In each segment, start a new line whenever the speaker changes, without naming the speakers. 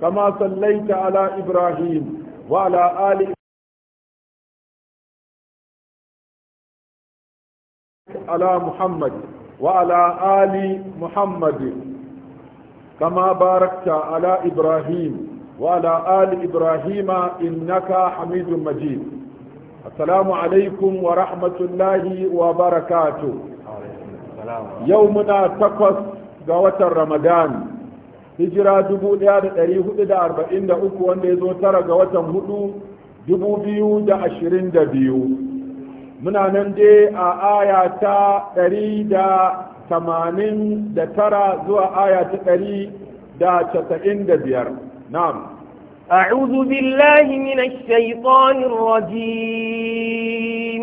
كما صليت على إبراهيم وعلى آل على محمد وعلى آل محمد كما باركت على إبراهيم وعلى آل إبراهيم إنك حميد مجيد السلام عليكم ورحمة الله وبركاته يومنا تقص قوة رمضان هجرة دبو ديادة تريه دار بإن دعوكو وان ديزو ترق وطم هدو دبو بيو دا عشرين دا بيو منا نمدي آية تا تريد تمانين دا ترى زو آية تري دا تتئن نعم
أعوذ بالله من الشيطان الرجيم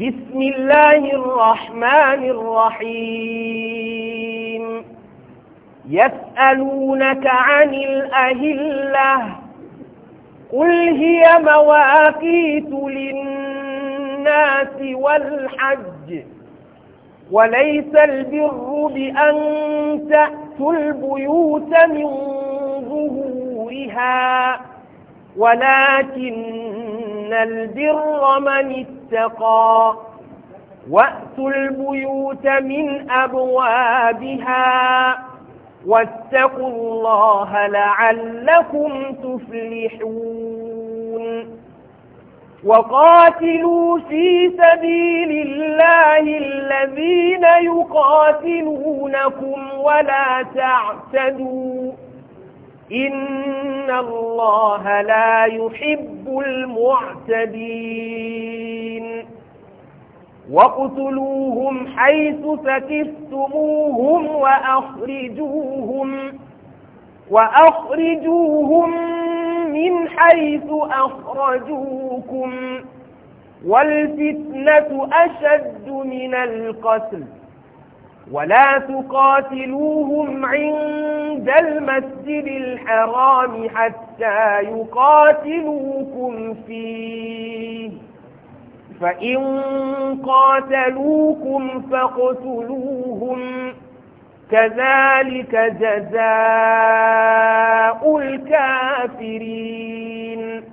بسم الله الرحمن الرحيم يسألونك عن الأهلة قل هي مواقيت للناس والحج وليس البر بأن تأتوا البيوت من ظهورها ولكن البر من اتقى وأتوا البيوت من أبوابها واتقوا الله لعلكم تفلحون وقاتلوا في سبيل الله الذين يقاتلونكم ولا تعتدوا إن الله لا يحب المعتدين واقتلوهم حيث فكفتموهم وأخرجوهم وأخرجوهم من حيث أخرجوكم والفتنة أشد من القتل ولا تقاتلوهم عند المسجد الحرام حتى يقاتلوكم فيه فإن قاتلوكم فاقتلوهم كذلك جزاء الكافرين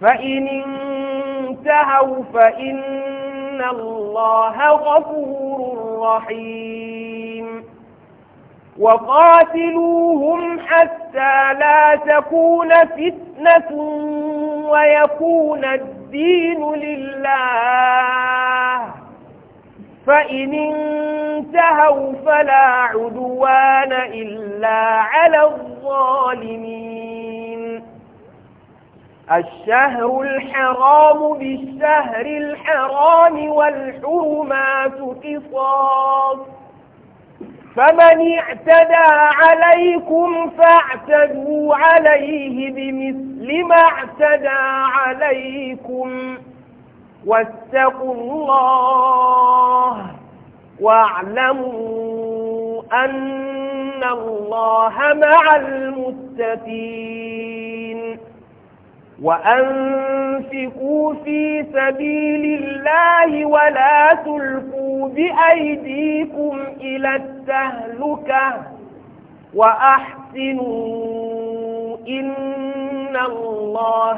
فإن انتهوا فإن الله غفور رحيم وقاتلوهم حتى لا تكون فتنة ويكون الدين الدين لله فإن انتهوا فلا عدوان إلا على الظالمين الشهر الحرام بالشهر الحرام والحرمات قصاص فمن اعتدى عليكم فاعتدوا عليه بمثل ما اعتدى عليكم واتقوا الله واعلموا أن الله مع المتقين وأنفقوا في سبيل الله ولا تلقوا بأيديكم إلى التقين التهلكة وأحسنوا إن الله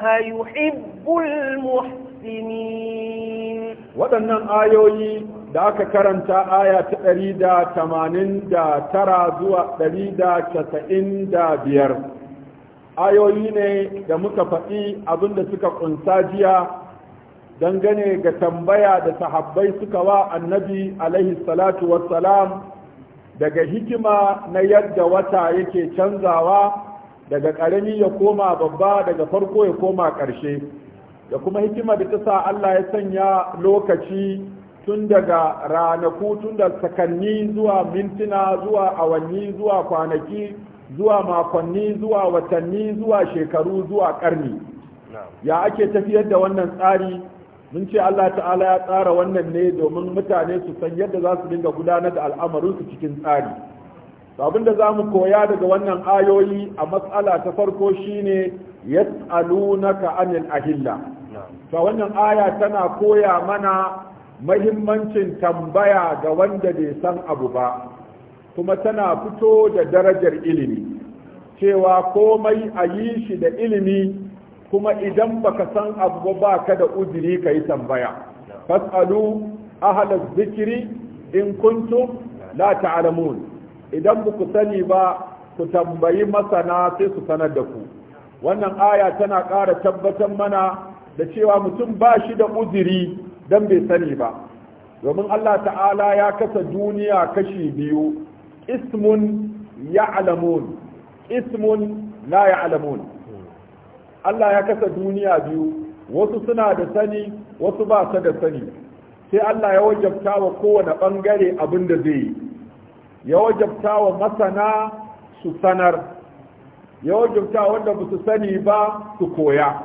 waɗannan ayoyi da aka karanta aya ta ɗari da tamanin da tara zuwa ɗari da casa'in da biyar ayoyi ne da muka faɗi abin da suka ƙunsa jiya dangane ga tambaya da sahabbai suka wa annabi alaihi salatu wassalam daga hikima na yadda wata yake canzawa daga ƙarami ya koma babba daga farko ya koma ƙarshe da kuma hikima da ta sa Allah ya sanya lokaci tun daga ranaku tun da sakanni zuwa mintuna zuwa awanni zuwa kwanaki zuwa makonni zuwa watanni zuwa shekaru zuwa ƙarni ya ake tafiyar da wannan tsari mun ce Allah ta'ala ya tsara wannan ne domin mutane su san yadda za su dinga gudanar da al'amarinsu cikin tsari abin da za mu koya daga wannan ayoyi a matsala ta farko shine yas'alunaka anil ahilla to wannan aya tana koya mana mahimmancin tambaya ga wanda bai san abu ba kuma tana fito da darajar ilimi cewa komai a yi shi da ilimi kuma idan baka san abu ba baka da uzuri ka yi tambaya fasalu ahla zikiri in kuntum la ta'lamun idan baku ku sani ba ku tambayi masana sai su sanar da ku wannan aya tana ƙara tabbatar mana da cewa mutum ba shi da uzuri dan bai sani ba domin Allah ta'ala ya kasa duniya kashi biyu ismun ya'lamun ismun la ya'lamun Allah ya kasa duniya biyu wasu suna da sani wasu ba su da sani sai Allah ya wajabta wa kowane bangare abin da zai yi ya wajabta wa masana su sanar ya wajabta wanda ba su sani ba su koya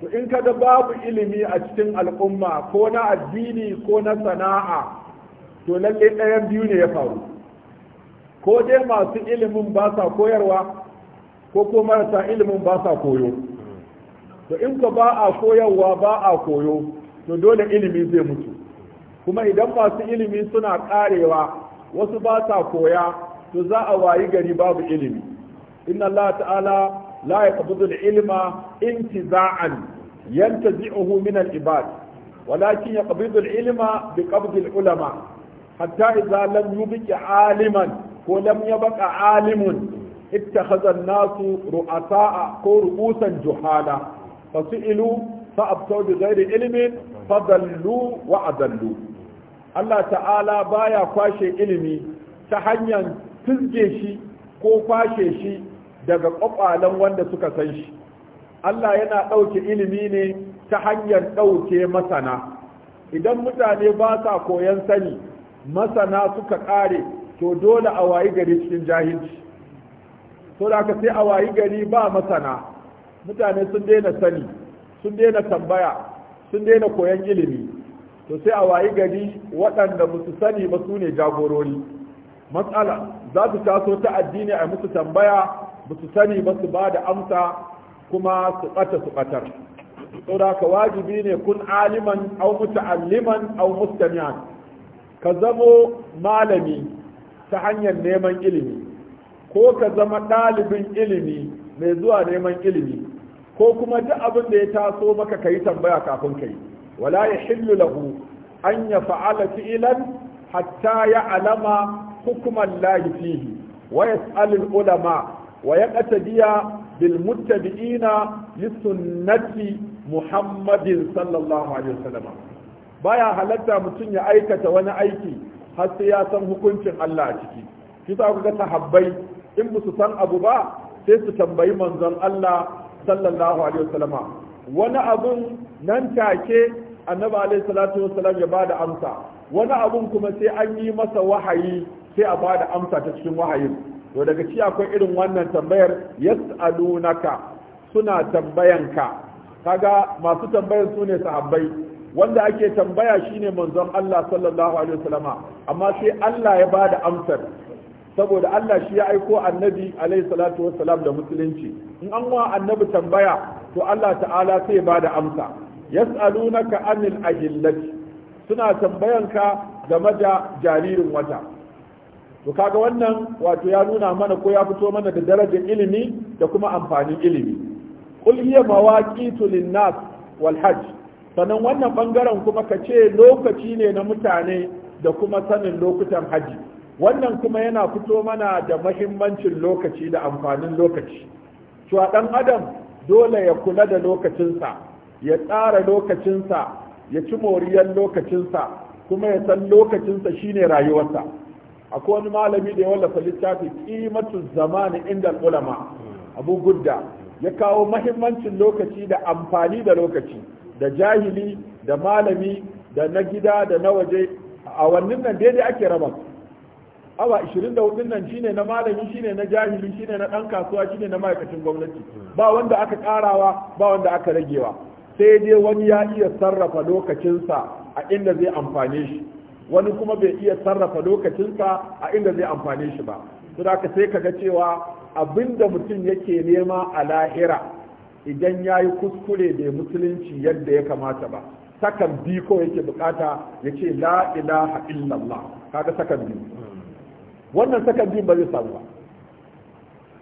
to in kada babu ilimi a cikin al'umma ko na addini ko na sana'a to lalle ɗayan biyu ne ya faru ko dai masu ilimin ba sa koyarwa ko ko marasa ilimin ba sa koyo to in ka ba a koyarwa ba a koyo to dole ilimi zai mutu kuma idan masu ilimi suna karewa wasu ba sa koya to za a wayi gari babu ilimi inna Allah ta'ala la yaqbidu al-ilma intiza'an yantazi'uhu min al-ibad walakin yaqbidu al-ilma biqabdi al-ulama hatta idza lam yubqa aliman ko lam yabqa alimun ittakhadha an-nasu ru'asa'a ko ru'usan juhala fasilu fa abtaw bi ghairi ilmin fadallu wa adallu Allah ta'ala baya kwashe ilimi ta hanyar tizge shi ko kwashe shi daga kwakwalen wanda suka san shi Allah yana ɗauke ilimi ne ta hanyar ɗauke masana idan mutane ba sa koyon sani masana suka ƙare to dole a wayi gari cikin jahilci to da sai a wayi gari ba masana mutane sun daina sani sun daina tambaya sun daina koyan ilimi to sai a wayi gari waɗanda ba sani ba su ne jagorori matsala za su taso ta addini a musu tambaya ba sani ba su ba da amsa kuma su ɓata su ɓatar da ka wajibi ne kun aliman au muta'alliman au mustami'an ka zamo malami ta hanyar neman ilimi ko ka zama ɗalibin ilimi mai zuwa neman ilimi ko kuma duk abin da ya taso maka ka yi tambaya kafin ka yi wala ya hillu lahu an ya fa'ala fi'ilan hatta ya alama hukuman lahi fihi wa yas'alul ulama wa biya bil muttabi'ina li sunnati muhammadin sallallahu alaihi wasallam baya halatta mutum ya aikata wani aiki har sai ya san hukuncin Allah a ciki kisa kuka sahabbai in ba su san abu ba sai su tambayi manzon Allah sallallahu alaihi wasallama wani abun nan take annabi alaihi salatu wasallam ya bada amsa wani abun kuma sai an yi masa wahayi sai a bada amsa ta cikin wahayin to daga ci akwai irin wannan tambayar yas'alunaka suna tambayanka kaga masu tambayar su ne sahabbai wanda ake tambaya shine manzon Allah sallallahu alaihi wasallama amma sai Allah ya bada amsar saboda Allah shi ya aiko annabi alaihi salatu wassalam da musulunci in an wa annabi tambaya to Allah ta'ala sai ba da amsa yas'alunaka anil ajillati suna tambayanka game da jaririn wata to kaga wannan wato ya nuna mana ko ya fito mana da darajar ilimi da kuma amfanin ilimi qul hiya mawaqitu lin-nas wal hajj sannan wannan bangaren kuma kace lokaci ne na mutane da kuma sanin lokutan haji wannan kuma yana fito mana da mahimmancin lokaci da amfanin lokaci cewa ɗan adam dole ya kula da lokacinsa ya tsara lokacinsa ya ci moriyar lokacinsa kuma ya san lokacinsa shine rayuwarsa akwai wani malami da ya wallafa littafi kimatu zamani inda ulama abu gudda ya kawo mahimmancin lokaci da amfani da lokaci da jahili da malami da na gida da na waje a wannan nan daidai ake raba awa 24 din nan shine na malami shine na jahili shine na dan kasuwa shine na ma'aikacin gwamnati ba wanda aka karawa ba wanda aka ragewa sai dai wani ya iya sarrafa lokacinsa a inda zai amfane shi wani kuma bai iya sarrafa lokacinsa a inda zai amfane shi ba don ka sai kaga cewa abinda mutum yake nema a lahira idan yayi kuskure da musulunci yadda ya kamata ba sakan bi ko yake bukata yace ce la ilaha illallah kaga sakan biyu wannan sakan ba zai samu ba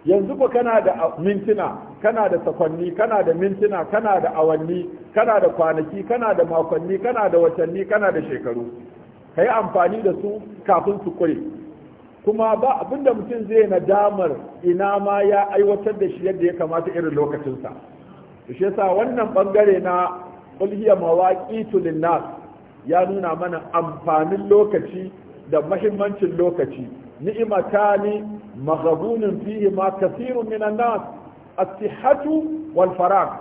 yanzu ko kana da mintuna kana da sakonni kana da mintuna kana da awanni kana da kwanaki kana da makonni kana da watanni kana da shekaru ka yi amfani da su kafin su kure kuma ba abinda mutum zai nadamar ina ma ya aiwatar da shi yadda ya kamata irin lokacinsa shi yasa wannan bangare na ulhiya mawaqitu nas ya nuna mana amfanin lokaci da mahimmancin lokaci ni'matani maghbunun fihi ma kathirun minan nas as-sihhatu wal farag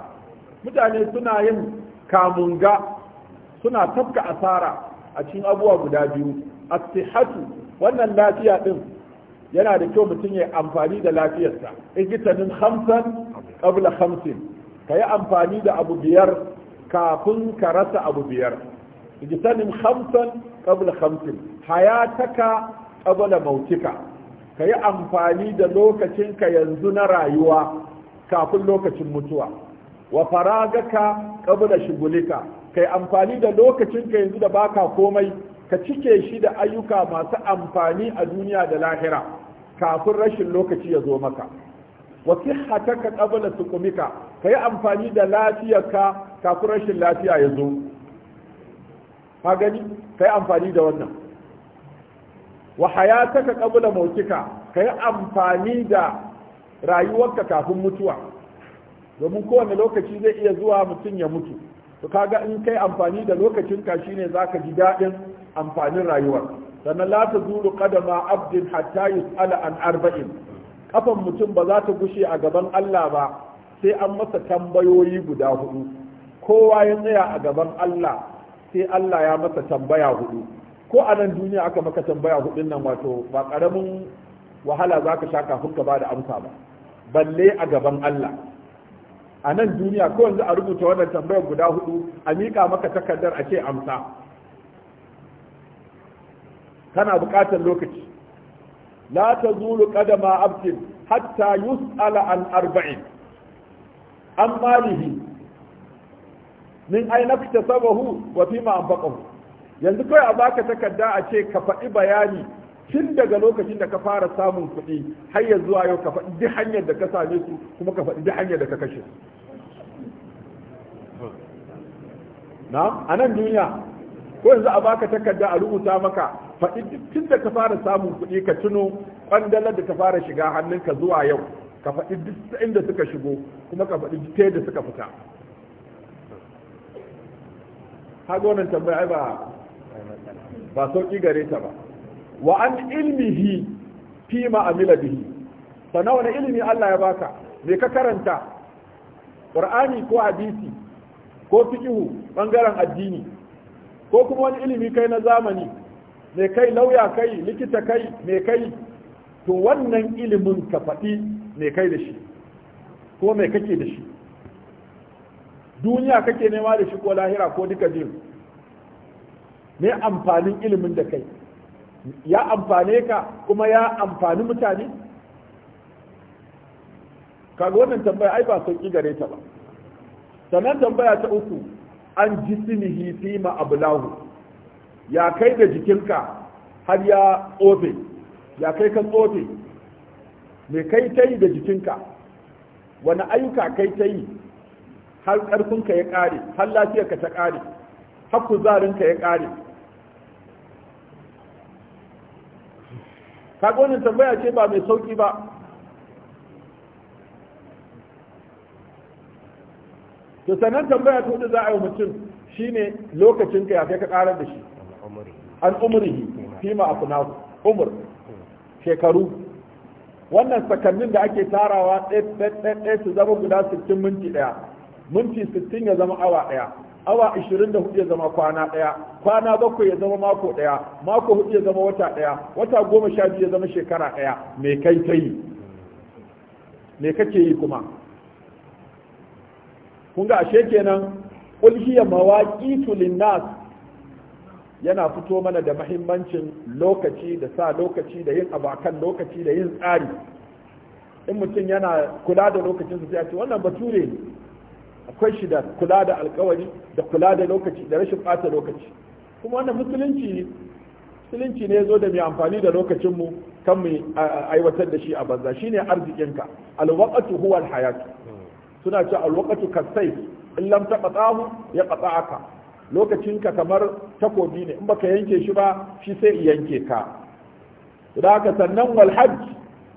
mutane suna yin kamun ga, suna tafka asara a cikin abubuwa guda biyu as-sihhatu wannan lafiya din yana da kyau mutum ya yi amfani da lafiyarsa igitanin hamsan qabla hamsin ka yi amfani da abu biyar kafin ka rasa abu biyar igitanin hamsan qabla hamsin hayataka abada mautika ka yi amfani da lokacinka yanzu na rayuwa kafin lokacin mutuwa wa faragaka kabula shugulika ka yi amfani da lokacinka yanzu da baka komai ka cike shi da ayyuka masu amfani a duniya da lahira kafin rashin lokaci ya zo maka wa sihhataka kabula suqumika ka yi amfani da lafiyarka kafin rashin lafiya ya zo ka gani ka yi amfani da wannan wa hayataka qabla mautika kai amfani da rayuwarka kafin mutuwa domin kowane lokaci zai iya zuwa mutum ya mutu to kaga in kai amfani da lokacin ka shine zaka ji dadin amfanin rayuwar sannan la zuru qadama abdin hatta yus'ala an arba'in kafan mutum ba za ta gushe a gaban Allah ba sai an masa tambayoyi guda hudu kowa ya tsaya a gaban Allah sai Allah ya masa tambaya hudu ko a nan duniya aka maka tambaya hudun nan wato ba karamin wahala za ka sha kafin ka ba da amsa ba balle a gaban Allah a nan duniya ko yanzu a rubuta wannan tambaya guda hudu a miƙa maka takardar a ce amsa kana buƙatar lokaci la ta zulu ƙadama abdin hatta yus'ala an arba'in an malihi min aina sabahu wa fima anfaqahu yanzu kawai a baka takarda a ce ka faɗi bayani tun daga lokacin da ka fara samun kuɗi har ya zuwa yau ka faɗi duk hanyar da ka same su kuma ka faɗi duk hanyar da ka kashe na a nan duniya ko yanzu a baka takarda a rubuta maka faɗi tun da ka fara samun kuɗi ka tuno ƙwandalar da ta fara shiga hannunka zuwa yau ka faɗi duk inda suka shigo kuma ka faɗi duk da suka fita haka tambaya ba ba sauki gare ta ba wa an ilmihi fi ma amila bihi sana wani ilimi Allah ya baka me ka karanta qur'ani ko hadisi ko fiqhu bangaren addini ko kuma wani ilimi kai na zamani me kai lauya kai likita kai me kai to wannan ilimin ka faɗi me kai da shi ko me kake da shi duniya kake nema da shi ko lahira ko duka biyu me amfanin ilimin da kai ya amfane ka kuma ya amfani mutane kaga wannan tambaya ai ba sauki gare ta ba sannan tambaya ta uku an jismihi fi ma ablahu ya kai da jikinka har ya tsofe ya kai ka tsofe me kai ta yi da jikinka wani ayyuka kai ta yi har ƙarfinka ya ƙare har lafiyarka ta ƙare har kuzarinka ya ƙare kaga wannan tambaya ce ba mai sauki ba to sannan tambaya ta hudu za a yi mutum shine lokacin ka ya kai ka karar da shi an umrihi fima kuna umur shekaru wannan sakannin da ake tarawa ɗaya su zama guda 60 minti ɗaya minti 60 ya zama awa ɗaya awa 24 ya zama kwana daya kwana bakwai ya zama mako daya mako hudu ya zama wata daya wata goma sha biyu ya zama shekara daya me kai ta yi me kake yi kuma kun ga ashe kenan ulhiya hiya mawaqitu linnas yana fito mana da mahimmancin lokaci da sa lokaci da yin abu lokaci da yin tsari in mutum yana kula da lokacinsa sai a ce wannan bature ne akwai shi da kula da alkawari da kula da lokaci da rashin ɓata lokaci kuma wannan musulunci musulunci ne zo da mai amfani da lokacinmu kan mu aiwatar da shi a banza shine arzikinka alwaqatu huwa alhayat suna ce alwaqatu Kasai. in lam taqatahu lokacin lokacinka kamar takobi ne in baka yanke shi ba shi sai yanke ka da haka sannan wal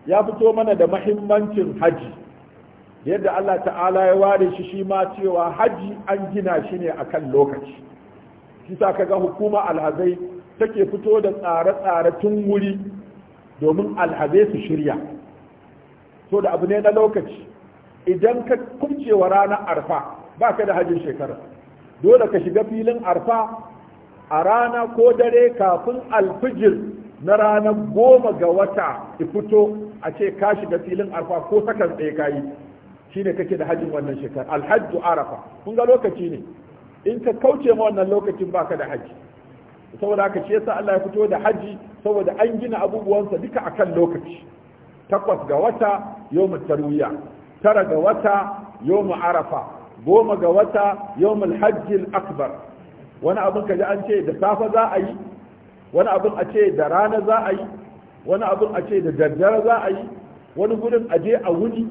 ya fito mana da mahimmancin haji yadda Allah ta'ala ya ware shi shi ma cewa haji an gina shi ne a kan lokaci shi sa ga hukuma alhazai take fito da tsare-tsare tun wuri domin alhazai su shirya so da abu ne na lokaci idan ka kubcewa ranar arfa ba ka da hajin shekara dole ka shiga filin arfa a rana ko dare kafin alfijir na ranar goma ga wata fito a ce ka shiga filin arfa ko sakan tsaye kayi shine kake da hajjin wannan shekara alhajju arafa kun ga lokaci ne in ka kauce ma wannan lokacin baka da haji saboda haka shi yasa Allah ya fito da haji saboda an gina abubuwansa duka akan lokaci takwas ga wata yawmul tarwiya tara ga wata yawmul arafa goma ga wata yawmul hajji akbar wani abin kaji an ce da safa za a yi wani abin a ce da rana za a yi wani abin a ce da daddare za a yi wani gudun aje a wuni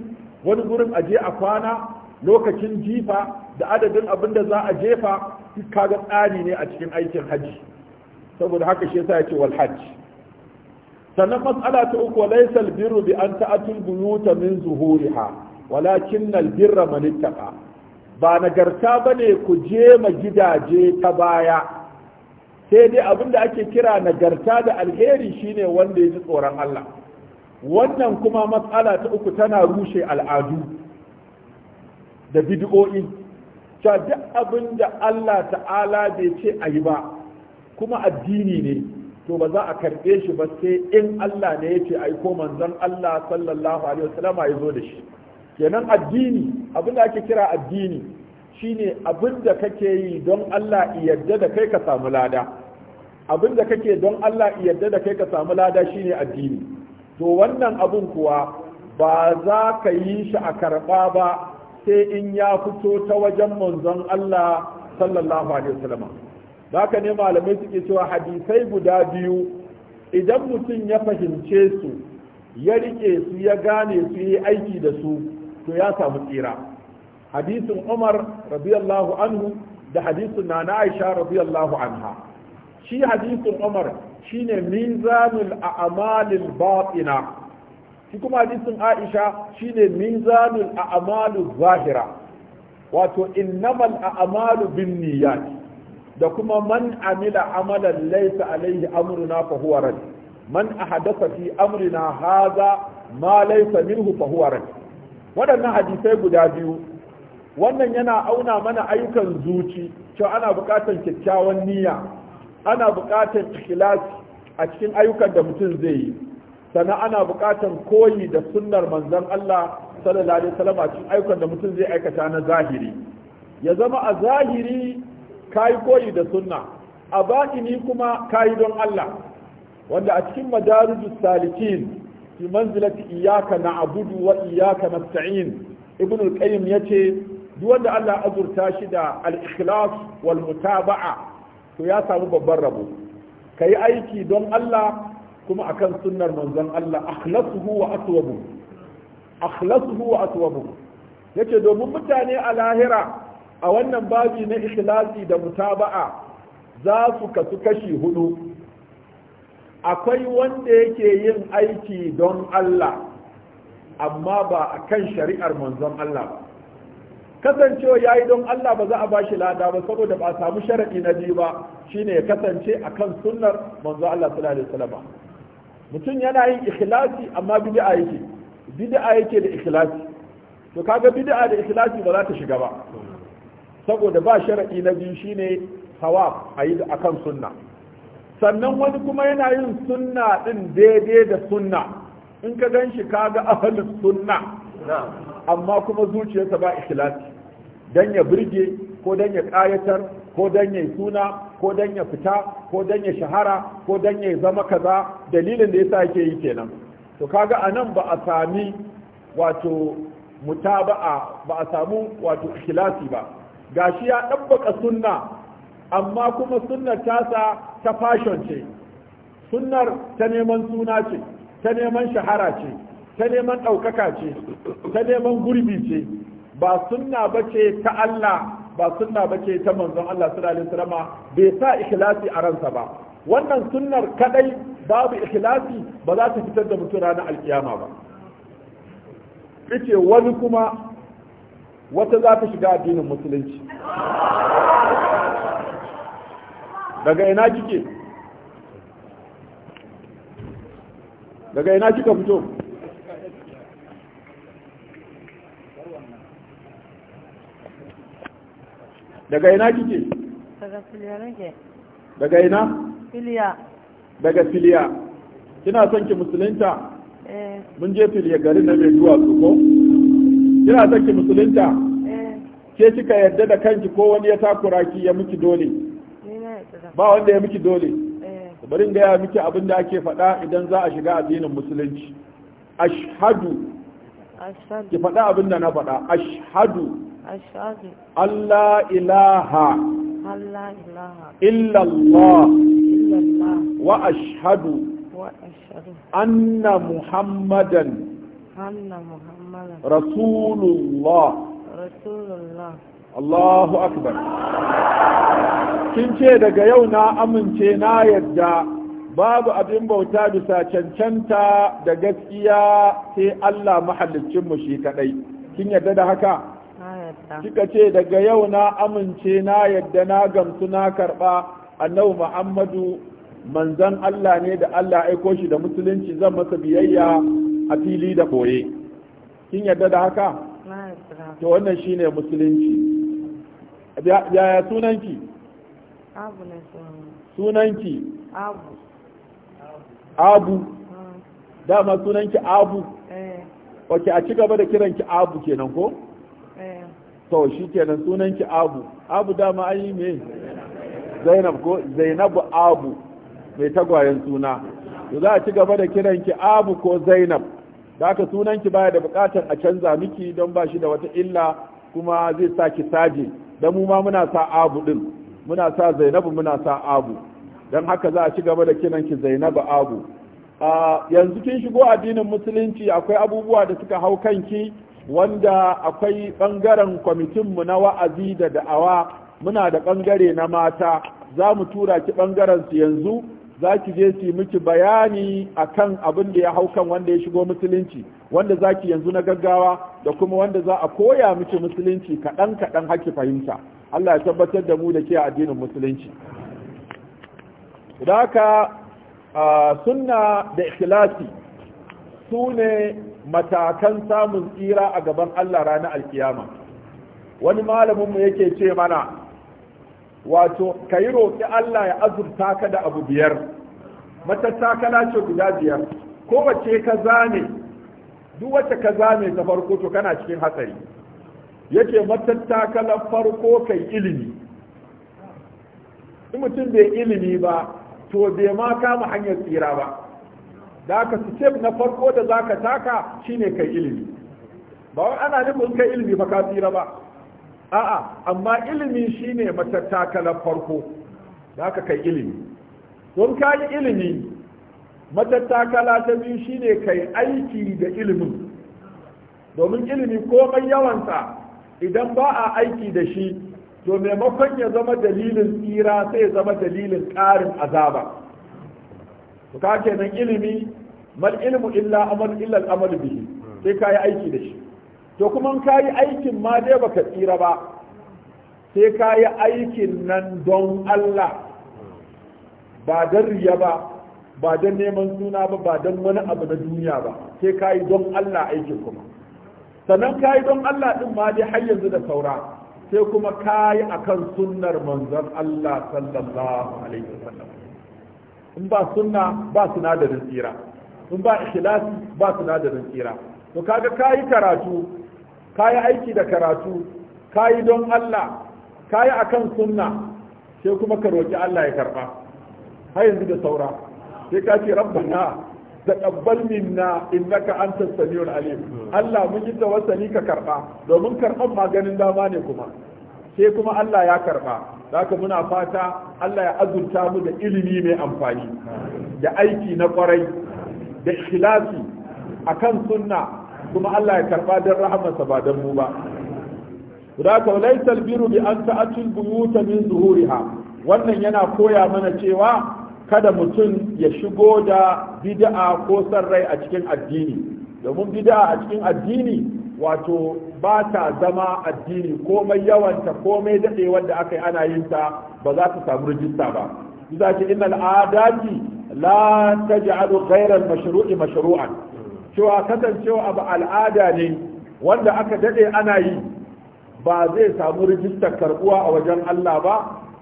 wani gurin aje a kwana lokacin jifa da adadin abin da za a jefa kaga tsari ne a cikin aikin hajji saboda haka shi yasa yake wal hajj sannan mas'ala ta uku laysa al birru bi an ta'atul buyuta min zuhuriha walakin al birra man ittaqa ba nagarta bane ku je ma gidaje ta baya sai dai abin da ake kira nagarta da alheri shine wanda ya ji tsoron Allah wannan kuma matsala ta uku tana rushe al'adu da bid'o'i ta duk abin da Allah ta'ala bai ce a yi ba kuma addini ne to ba za a karɓe shi ba sai in Allah ne ya ce a ko manzon Allah sallallahu alaihi wasallam ya zo da shi kenan addini abin da ake kira addini shine abin da kake yi don Allah yarda da kai ka samu lada abin da kake don Allah yarda da kai ka samu lada shine addini to wannan abun kuwa ba za ka yi shi a karɓa ba sai in ya fito ta wajen manzon Allah sallallahu alaihi wasallam ka ne malamai suke cewa hadisai guda biyu idan mutum ya fahimce su ya rike su ya gane su yi aiki da su to ya samu tsira hadisin Umar radiyallahu anhu da hadisin Nana Aisha radiyallahu anha shi hadisin umar shine mizanul a'malil batina shi kuma hadisin aisha shine mizanul a'malu zahira wato innamal a'malu binniyat da kuma man amila amalan laysa alaihi amruna fa huwa rad man ahadatha fi amrina hadha ma laysa minhu fa huwa rad waɗannan hadisai guda biyu wannan yana auna mana ayyukan zuci cewa ana buƙatar kyakkyawan niyya ana buƙatar ikhlasi a cikin ayyukan da mutum zai yi sana ana buƙatar koyi da sunnar manzon Allah sallallahu alaihi wasallam a cikin ayyukan da mutum zai aikata na zahiri ya zama a zahiri kayi koyi da sunna a baɗini kuma kayi don Allah wanda a cikin madarijus salikin fi manzilati iyyaka na'budu wa iyyaka nasta'in ibn al-qayyim yace duk wanda Allah azurta shi da al-ikhlas wal mutaba'a to ya samu babban rabo ka yi aiki don Allah kuma akan sunnar manzon Allah akhlasuhu wa atwabu akhlasuhu wa atwabu yace domin mutane a lahira a wannan babi na ikhlasi da mutaba'a za su kasu kashi hudu akwai wanda yake yin aiki don Allah amma ba akan shari'ar manzon Allah ba kasancewa ya yi don Allah ba za a ba shi lada ba saboda ba samu sharaɗi na biyu ba shine ya kasance a kan sunnar manzo Allah sallallahu alaihi wasallam mutum yana yin ikhlasi amma bid'a yake bid'a yake da ikhlasi to kaga bid'a da ikhlasi ba za ta shiga ba saboda ba sharaɗi na biyu shine hawa a yi akan sunna sannan wani kuma yana yin sunna din daidai da sunna in ka ganshi shi kaga ahlus sunna amma kuma zuciyarsa ba ikhlasi dan ya birge ko dan ya kayatar ko dan ya suna ko dan ya fita ko dan ya shahara ko dan ya zama kaza dalilin da yasa yake yi kenan to kaga anan ba a sami wato mutaba'a ba a samu wato ikhlasi ba gashi ya dabbaka sunna amma kuma sunnar tasa ta fashion ce sunnar ta neman suna ce ta neman shahara ce ta neman ɗaukaka ce ta neman gurbi ce ba sunna ba ce ta Allah ba sunna ba ce ta manzon Allah sallallahu alaihi wasallam bai sa ikhlasi a ransa ba wannan sunnar kadai babu ikhlasi ba za ta fitar da mutum ranar alkiyama ba ita wani kuma wata za ta shiga addinin musulunci daga ina kike daga ina kika fito daga ina kike
daga filiya nake daga ina filiya
daga filiya kina son ki musulunta eh mun je filiya garin na mai duwatsu ko kina son ki musulunta eh ke kika yarda da kanki ko wani ya takura ki ya miki dole ba wanda ya miki dole eh. bari in gaya miki abin da ake faɗa idan za a shiga addinin musulunci ashhadu ki faɗa abin da na faɗa ashhadu
Allah
ilaha لا Wa ashadu. الله Muhammadan.
أن محمدا
Allahu Akbar. Kin ce daga yau na amince na yadda babu abin bauta bisa cancanta da gaskiya sai Allah mahalicinmu shi kaɗai. Kin yadda da haka? kika ce daga yau na amince na yadda na gamsu na karba annabi Muhammadu manzan Allah ne da Allah aiko shi da musulunci zan masa biyayya a fili da boye kin yadda da haka to wannan shine musulunci yaya sunanki abu ne sunanki abu abu hmm. dama sunanki abu eh wace a ci gaba da kiranki abu kenan ko to shi kenan sunanki abu abu dama an yi me zainab ko zainabu abu mai tagwayen suna to za a ci gaba da kiranki abu ko zainab da sunan sunanki baya da bukatar a canza miki don ba shi da wata illa kuma zai sa ki saje don mu ma muna sa abu din muna sa zainabu muna sa abu don haka za a ci gaba da ki zainabu abu a ah, yanzu kin shigo addinin musulunci akwai abubuwa da suka hau kanki wanda akwai ɓangaren kwamitinmu na wa'azi da da'awa muna da ɓangare na mata za mu tura ki ɓangaren su yanzu za ki je su miki bayani akan abin da ya hau kan wanda ya shigo musulunci wanda za ki yanzu na gaggawa da kuma wanda za a koya miki musulunci kaɗan kaɗan haki fahimta Allah ya tabbatar da mu da ke addinin musulunci da haka sunna da ikhlasi su ne matakan samun tsira a gaban Allah ranar alkiyama wani malaminmu yake ce mana wato ka yi roƙi Allah ya azurta ka da abu biyar matattakala ce guda biyar ko wace ka zane duk wacce ka zane ta farko to kana cikin hatsari yake matattakalar farko kai ilimi in mutum bai ilimi ba to bai ma kama hanyar tsira ba da aka step na farko da zaka taka shine kai ilimi ba wai ana nufin kai ilimi ba ka tsira ba a'a amma ilimi shine matattaka na farko da aka kai ilimi don ka yi ilimi matattakala ta biyu shine kai aiki da ilimin domin ilimi komai yawansa idan ba a aiki da shi to maimakon ya zama dalilin tsira sai ya zama dalilin ƙarin azaba to ka kenan ilimi mal ilmu illa amal illa al-amal bihi sai ka yi aiki da shi to kuma ka yi aikin ma dai baka tsira ba sai ka yi aikin nan don Allah ba don riya ba ba don neman suna ba ba don wani abu na duniya ba sai ka yi don Allah aikin kuma sannan ka yi don Allah din ma dai har yanzu da saura sai kuma ka yi akan sunnar manzon Allah sallallahu alaihi wasallam in ba sunna ba sinadarin tsira in ba ikhlasi ba sinadarin tsira to kaga kayi karatu kayi aiki da karatu kayi don Allah kayi akan sunna sai kuma ka roki Allah ya karba har yanzu da saura sai ka ce rabbana taqabbal minna innaka antas samiul alim Allah mun yi tawassali ka karba domin karban maganin dama ne kuma sai kuma Allah ya karba haka muna fata Allah ya azurta mu da ilimi mai amfani da aiki na kwarai da ikhlasi akan sunna kuma Allah ya karba don rahamarsa ba don mu ba haka laisal biru bi an ta'atul albuyuta min zuhuriha wannan yana koya mana cewa kada mutum ya shigo da bid'a ko san rai a cikin addini domin bid'a a cikin addini wato ba ta zama addini komai yawanta komai daɗe wanda aka yi ana yin ta ba za ta samu rijista ba za ki innal adati la taj'alu ghayra al-mashru'i mashru'an cewa kasancewa abu al'ada ne wanda aka daɗe ana yi ba zai samu rijistar karbuwa a wajen Allah ba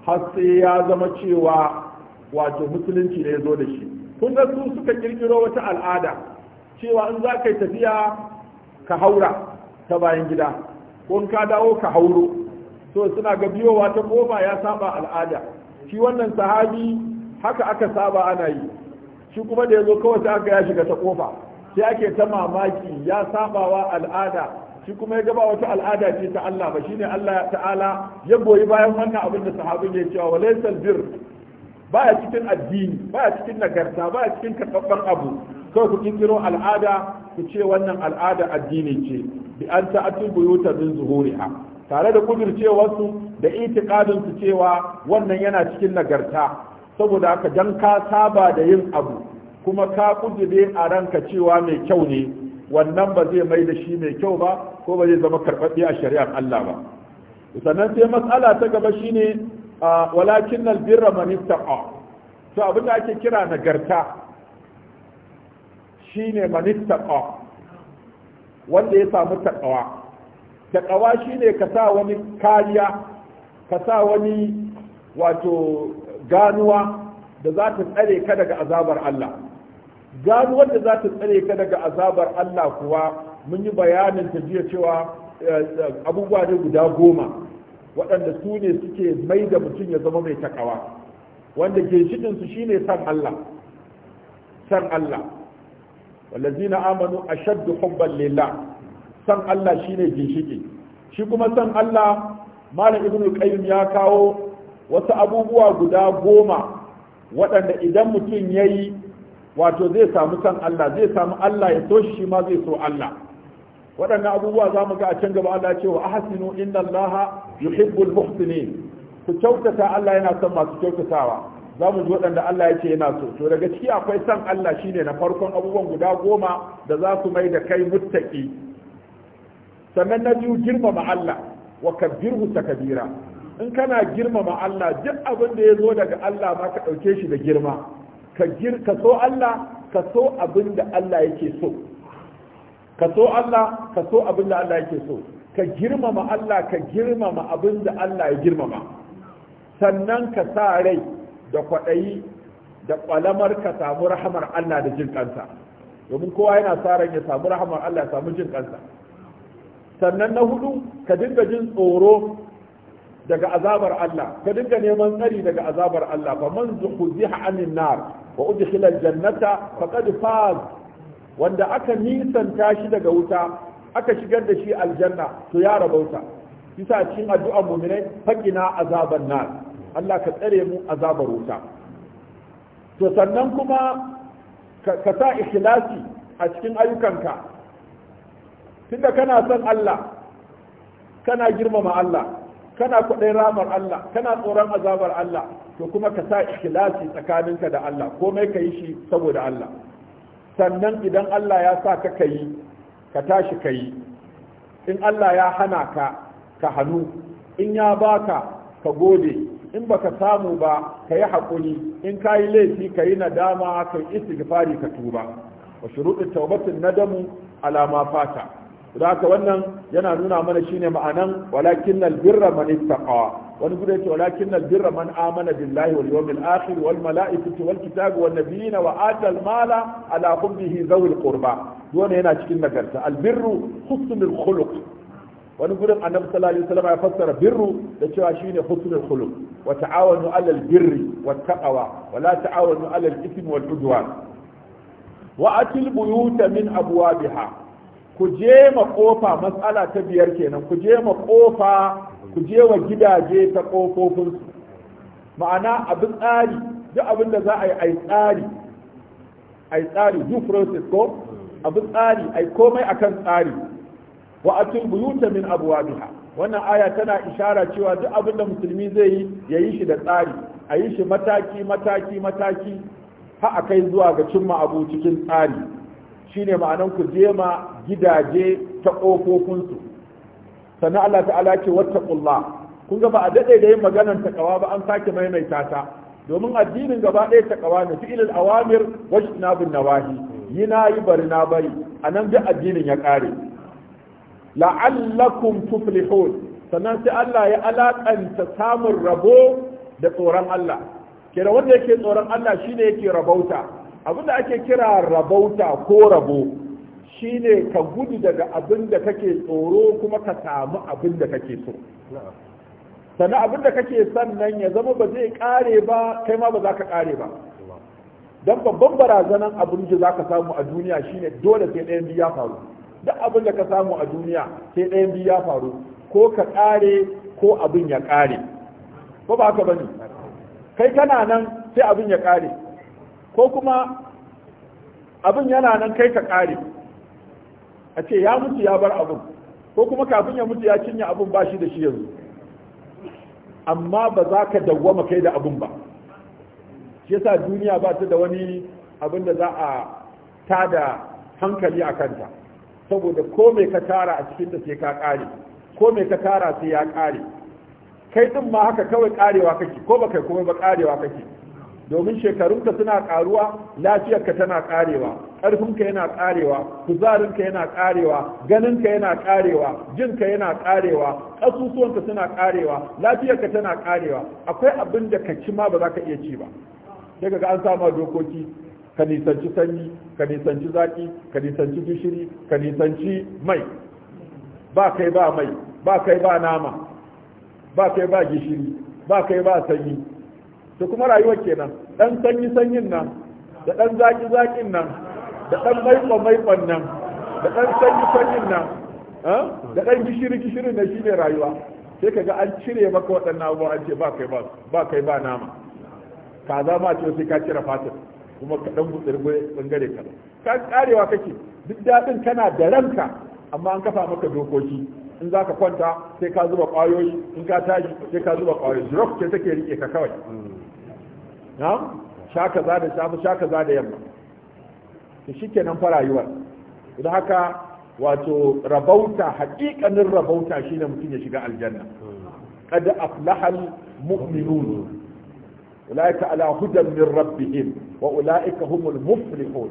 har sai ya zama cewa wato musulunci ne ya zo da shi kun ga su suka ƙirƙiro wata al'ada cewa in za ka yi tafiya ka haura ta bayan gida ko ka dawo ka hauro so suna ga biyowa ta kofa ya saba al'ada shi wannan sahabi haka aka saba ana yi shi kuma da yazo kawai sai aka ya shiga ta kofa sai ake ta mamaki ya sabawa al'ada shi kuma ya gaba wata al'ada ce ta Allah ba shine Allah ta'ala ya goyi bayan wannan abin da sahabin ya cewa walaysal bir baya cikin addini baya cikin nagarta baya cikin karɓaɓɓen abu kawai ku kirkiro al'ada ku ce wannan al'ada addini ce bi an ta'atul buyuta min zuhuriha tare da kudircewarsu da itikadin su cewa wannan yana cikin nagarta saboda haka dan ka saba da yin abu kuma ka kudire a ranka cewa mai kyau ne wannan ba zai mai da shi mai kyau ba ko ba zai zama karɓaɓɓe a shari'ar Allah ba sannan sai matsala ta gaba shine ah, walakin albirra man ittaqa to abin da ake kira nagarta shine manittaqwa wanda ya samu takawa taqwa shine ka sa wani kariya ka sa wani wato ganuwa da za ta tsare ka daga azabar Allah ganuwar da za ta tsare ka daga azabar Allah kuwa mun yi bayanin ta jiya cewa eh, eh, abubuwa ne guda goma waɗanda su ne suke mai da mutum ya zama mai takawa wanda ke shi ne san Allah san Allah wallazina amanu ashaddu hubban lillah san Allah shine ginshiki shi kuma san Allah malam ibnu qayyim ya kawo wasu abubuwa guda goma waɗanda idan mutum yayi wato zai samu san Allah zai samu Allah ya so shi ma zai so Allah waɗannan abubuwa za mu ga a can gaba Allah ce wa ahsinu inna Allah yuhibbul muhsinin ku kyautata Allah yana son masu kyautatawa za mu ji waɗanda Allah ya ce yana so to daga ciki akwai san Allah shine na farkon abubuwan guda goma da za su mai da kai muttaki sannan na biyu girmama Allah wa kabbirhu takbira in kana girmama Allah duk abin da ya zo daga Allah ma ka ɗauke shi da girma ka gir ka so Allah ka so abin da Allah yake so ka so Allah ka so abin da Allah yake so ka girmama Allah ka girmama abin da Allah ya girmama sannan ka sa rai da kwaɗayi da ƙwalamar ka samu rahamar Allah da jin kansa domin kowa yana sa ran ya samu rahamar Allah ya samu jin kansa sannan na hudu ka dinga jin tsoro daga azabar Allah ka dinga neman tsari daga azabar Allah fa man zuhziha anin nar wa udkhila aljannata faqad faz wanda aka nisanta shi daga wuta aka shigar da shi aljanna to ya rabauta bisa cikin addu'ar mu'minai faqina azaban nar Allah ka tsare mu azabar wuta to sannan kuma ka sa ikhlasi a cikin ayyukanka tunda kana son Allah kana girmama Allah kana kwaɗai ramar Allah kana tsoron azabar Allah to kuma ka sa ikhlasi tsakaninka da Allah komai ka yi shi saboda Allah sannan idan Allah ya sa ka ka yi ka tashi ka yi in Allah ya hana ka ka hannu in ya baka ka gode in baka samu ba ka yi haƙuri in ka yi laifi ka yi nadama ka yi istighfari ka tuba wa shuruɗin taubatin nadamu alama fata da haka wannan yana nuna mana shine ma'anan walakin albirra man ittaqa wani gudu yace walakin albirra man amana billahi wal yawmil akhir wal malaikati wal kitabi wan nabiyina wa ata mala ala hubbihi zawil qurba wannan yana cikin nagarta albirru husnul khuluq wani gurin annabi sallallahu alaihi wasallam ya fassara birru da cewa shine husnul khuluq wa ta'awanu 'alal birri wat taqwa wa la ta'awanu 'alal ithmi wal udwan wa atil buyuta min abwabiha ku je ma kofa ta biyar kenan ku je ma kofa ku je wa gidaje ta kofofin su ma'ana abin tsari duk abin da za a yi ai tsari ai tsari duk process ko abin tsari ai komai akan tsari wa atul buyuta min abwabiha wannan aya tana ishara cewa duk abin da musulmi zai yi ya yi shi da tsari a yi shi mataki mataki mataki har a kai zuwa ga cimma abu cikin tsari shine ma'anan ku je ma gidaje ta ƙofofinsu sannan Allah ta'ala ce wattaqullah kun ga ba a dade da yin maganar kawa ba an sake maimaita ta domin addinin gaba ɗaya takawa ne fi al-awamir wa ijtinabun nawahi yina yi bari na bari anan duk addinin ya kare. la'allakum tuflihun sannan sai Allah ya alakanta samun rabo da tsoron Allah kira wanda yake tsoron Allah shine yake rabauta abinda ake kira rabauta ko rabo shine ka gudu daga abin da kake tsoro kuma ka samu abin da kake so sannan abin da kake sannan ya zama ba zai kare ba kai ma ba za ka kare ba don babban barazanan abin da za ka samu a duniya shine dole sai ɗayan biyu ya faru duk abin da ka samu a duniya sai ɗayan biyu ya faru ko ka ƙare ko abin ya ƙare ko ba haka bane kai kana nan sai abin ya ƙare ko kuma abin yana nan kai ka ƙare a ce ya mutu ya bar abin ko kuma kafin ya mutu ya cinye abin ba shi da shi yanzu amma ba za ka dawwama kai da abin ba shi yasa duniya ba ta da wani abin da za a tada hankali a kanta saboda ko mai ka tara a cikin da sai ka kare ko mai ka tara sai ya kare kai din ma haka kawai karewa kake ko baka kuma ba karewa kake domin shekarunka suna karuwa lafiyarka tana karewa ƙarfinka yana karewa kuzarinka yana karewa ganinka yana karewa jinka yana karewa ƙasusuwanka suna karewa lafiyarka tana karewa akwai abin da ka ci ma ba za ka iya ci ba daga ga an sama dokoki ka nisanci sanyi ka nisanci zaki ka nisanci gishiri ka nisanci mai ba kai ba mai ba kai ba nama ba kai ba gishiri ba kai ba sanyi to kuma rayuwar kenan dan sanyi sanyin nan da dan zaki zakin nan da dan maikon maikon nan da dan sanyi sanyin nan eh, da dan gishiri gishirin nan shine rayuwa sai kaga an cire maka waɗannan abubuwa an ce ba kai ba ba kai ba nama kaza ma ce sai ka cire fatin kuma ka dan gutsir bangare ka ka karewa kake duk dadin kana da ranka amma an kafa maka dokoki in za ka kwanta sai ka zuba kwayoyi in ka tashi sai ka zuba kwayoyi drug ce take rike ka kawai na'am sha za da safe sha za da yamma to nan fa rayuwar idan haka wato rabauta haƙiƙanin rabauta shine mutum ya shiga aljanna kada aflahal mu'minun ulaika ala hudan min rabbihim wa ulaika humul muflihun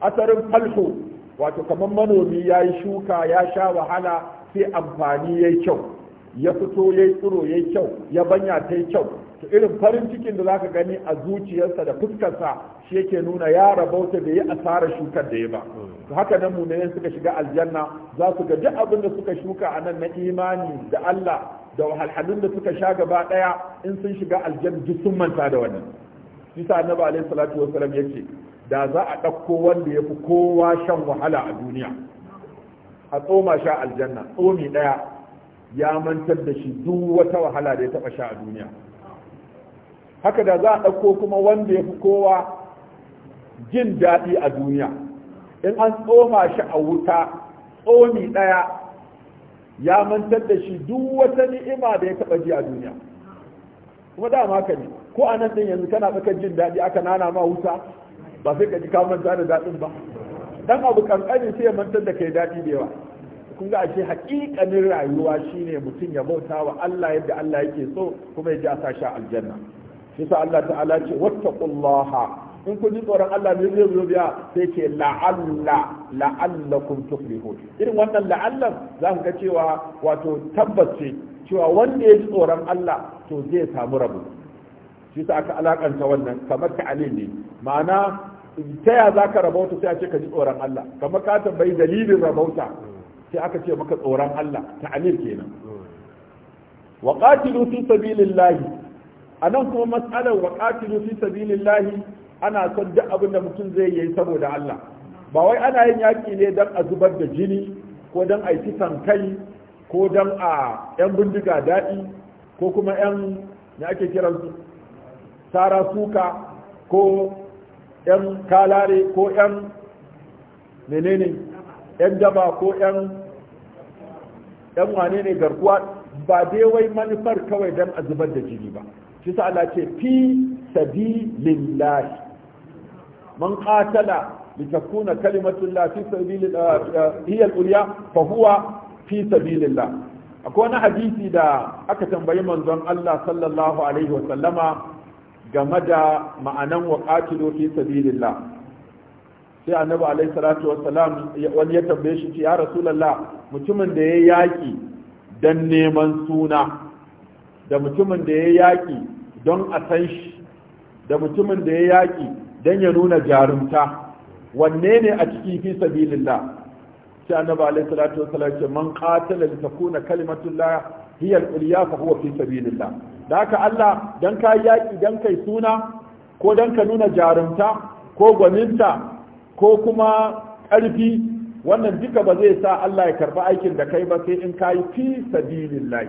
asarin falhu wato kamar manomi ya yi shuka ya sha wahala sai amfani ya yi kyau ya fito ya yi tsiro ya yi kyau ya banya ta yi kyau to irin farin cikin da zaka gani a zuciyarsa da fuskarsa shi yake nuna ya rabauta da ya asara shukar da ya ba to haka nan mu'minai suka shiga aljanna za su ga duk abin da suka shuka a nan na imani da Allah da wahalhalun da suka sha gaba daya in sun shiga aljanna duk sun manta da wannan Isa annabi alaihi salatu wasallam yace da za a ɗauko wanda ya fi kowa shan wahala a duniya a tsoma sha aljanna tsomi ɗaya ya mantar da shi duk wata wahala da ya taɓa sha a duniya haka da za a ɗauko kuma wanda ya fi kowa jin daɗi a duniya in an tsoma shi a wuta tsomi ɗaya ya mantar da shi duk wata ni'ima da ya taɓa ji a duniya kuma dama ka ne ko a nan ɗin yanzu kana tsakar jin daɗi aka nana ma wuta ba sai ka ji ka manta da daɗin ba dan abu ƙanƙani sai ya mantar da kai daɗi da yawa kun ga ashe haƙiƙanin rayuwa shine mutum ya bauta wa Allah yadda Allah yake so kuma ya ji a sashi aljanna yasa Allah ta'ala ce wattaqullaha in kun ji tsoron Allah ne zai zo biya sai ce la'alla la'allakum tuflihun irin wannan la'allan za ka ga cewa wato tabbace cewa wanda ya ji tsoron Allah to zai samu rabu shi sa aka alakanta wannan kamar ta'alil ne ma'ana ta ya za ka rabauta sai a ce ka ji tsoron Allah kamar ka tambayi dalilin rabauta sai aka ce maka tsoron Allah ta'alil kenan hmm. wa qatilu fi sabilillahi a nan kuma matsalar wa qatilu fi sabilillahi ana son duk abin da mutum zai yi saboda Allah ba wai ana yin yaƙi ne don a zubar da jini ko don a yi kai ko don a 'yan bindiga daɗi ko kuma 'yan ne ake kiransu tsara suka ko 'yan kalare ko 'yan menene 'yan daba ko 'yan 'yan wane ne garkuwa ba dai wai manufar kawai don a zubar da jini ba shi sa Allah ce fi sabilillahi man qatala litakuna kalimatullah fi sabilillah uh, uh, hiya al-ulya fa huwa fi sabilillah akwai wani hadisi da aka tambayi manzon Allah sallallahu alaihi wa sallama game da ma'anan wa qatilu fi sabilillah sai annabi alaihi salatu wassalam wani ya tambaye shi ya rasulullah mutumin da ya yaki dan neman suna da mutumin da ya yaƙi don a san shi da mutumin da ya yaƙi don ya nuna jarumta wanne ne a ciki fi sabilillah sai annabi alaihi salatu wasallam ce man qatala li takuna kalimatullah hiya al-ulya fa huwa fi sabilillah da haka Allah dan ka yaƙi dan kai suna ko dan ka nuna jarumta ko gwaninta ko kuma ƙarfi wannan duka ba zai sa Allah ya karba aikin da kai ba sai in kai fi sabilillah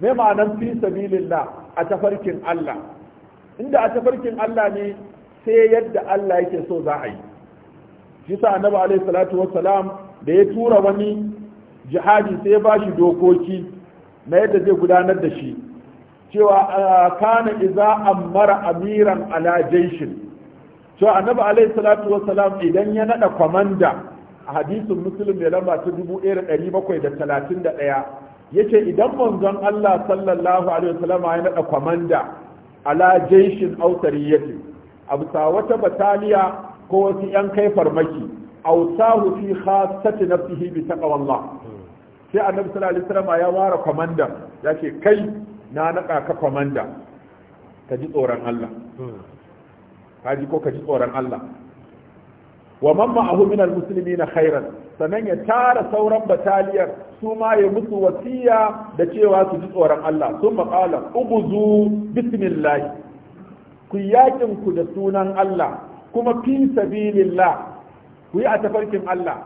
Mai ma'anar fi sabilillah a tafarkin Allah inda a tafarkin Allah ne sai yadda Allah yake so za a yi shi sa annabi alaihi salatu wassalam da ya tura wani jihadi sai ya bashi dokoki na yadda zai gudanar da shi cewa kana iza amara amiran ala jayshin to annabi alaihi salatu wassalam idan ya nada kwamanda a hadisin muslim da lamba ta 1731 yace idan manzon Allah sallallahu alaihi wasallam ya nada kwamanda ala jaishin autariyati abusa wata bataliya ko wasu yan kai farmaki ausahu fi khassati nafsihi bi taqwallah sai annabi sallallahu alaihi wasallam ya ware kwamanda yace kai na nada ka kwamanda ka ji tsoron Allah ka ji ko ka ji tsoron Allah wa man ma'ahu min al-muslimina khairan sanan ya tara sauran bataliyar su ma ya mutu wasiya da cewa su ji tsoron Allah sun maƙala ubuzu bismillah ku yakin ku da sunan Allah kuma fi sabilillah ku yi a tafarkin Allah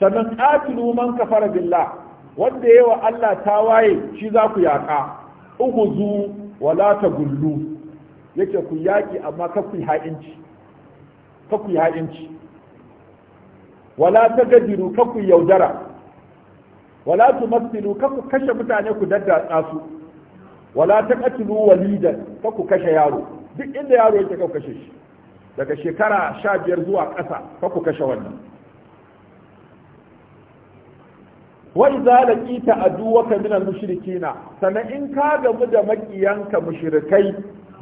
sannan qatilu man kafara billah wanda yawa Allah ta waye shi za ku yaƙa uhuzu wala tagullu yake ku yaƙi amma kar ku ha'inci kar ku ha'inci wala tagajiru kar ku yaudara wala tumassilu ka ku kashe mutane ku daddatsa su wala taqtulu walidan ka ku kashe yaro duk inda yaro yake ka kashe shi daga shekara 15 zuwa ƙasa ka ku kashe wannan wa idza laqita aduwaka min al-mushrikina sanan in ka gamu da makiyanka mushrikai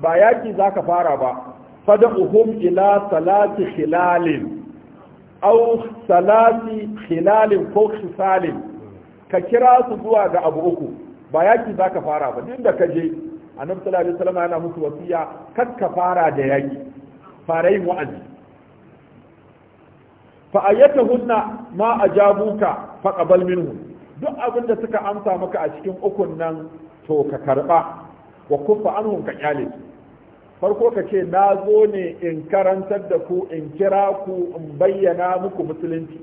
ba yaki zaka fara ba fad'uhum ila salati khilalin aw salati khilalin ko khisalin ka kira su zuwa ga abu uku ba yaki za ka fara ba duk ka je annabi sallallahu alaihi wasallam yana musu wasiya kar ka fara da yaki fara yin wa'azi fa hunna ma ajabuka qabal minhu duk abin da suka amsa maka a cikin ukun nan to ka karba wa kuffa anhum ka kyale farko ka ce na zo ne in karantar da ku in kira ku in bayyana muku musulunci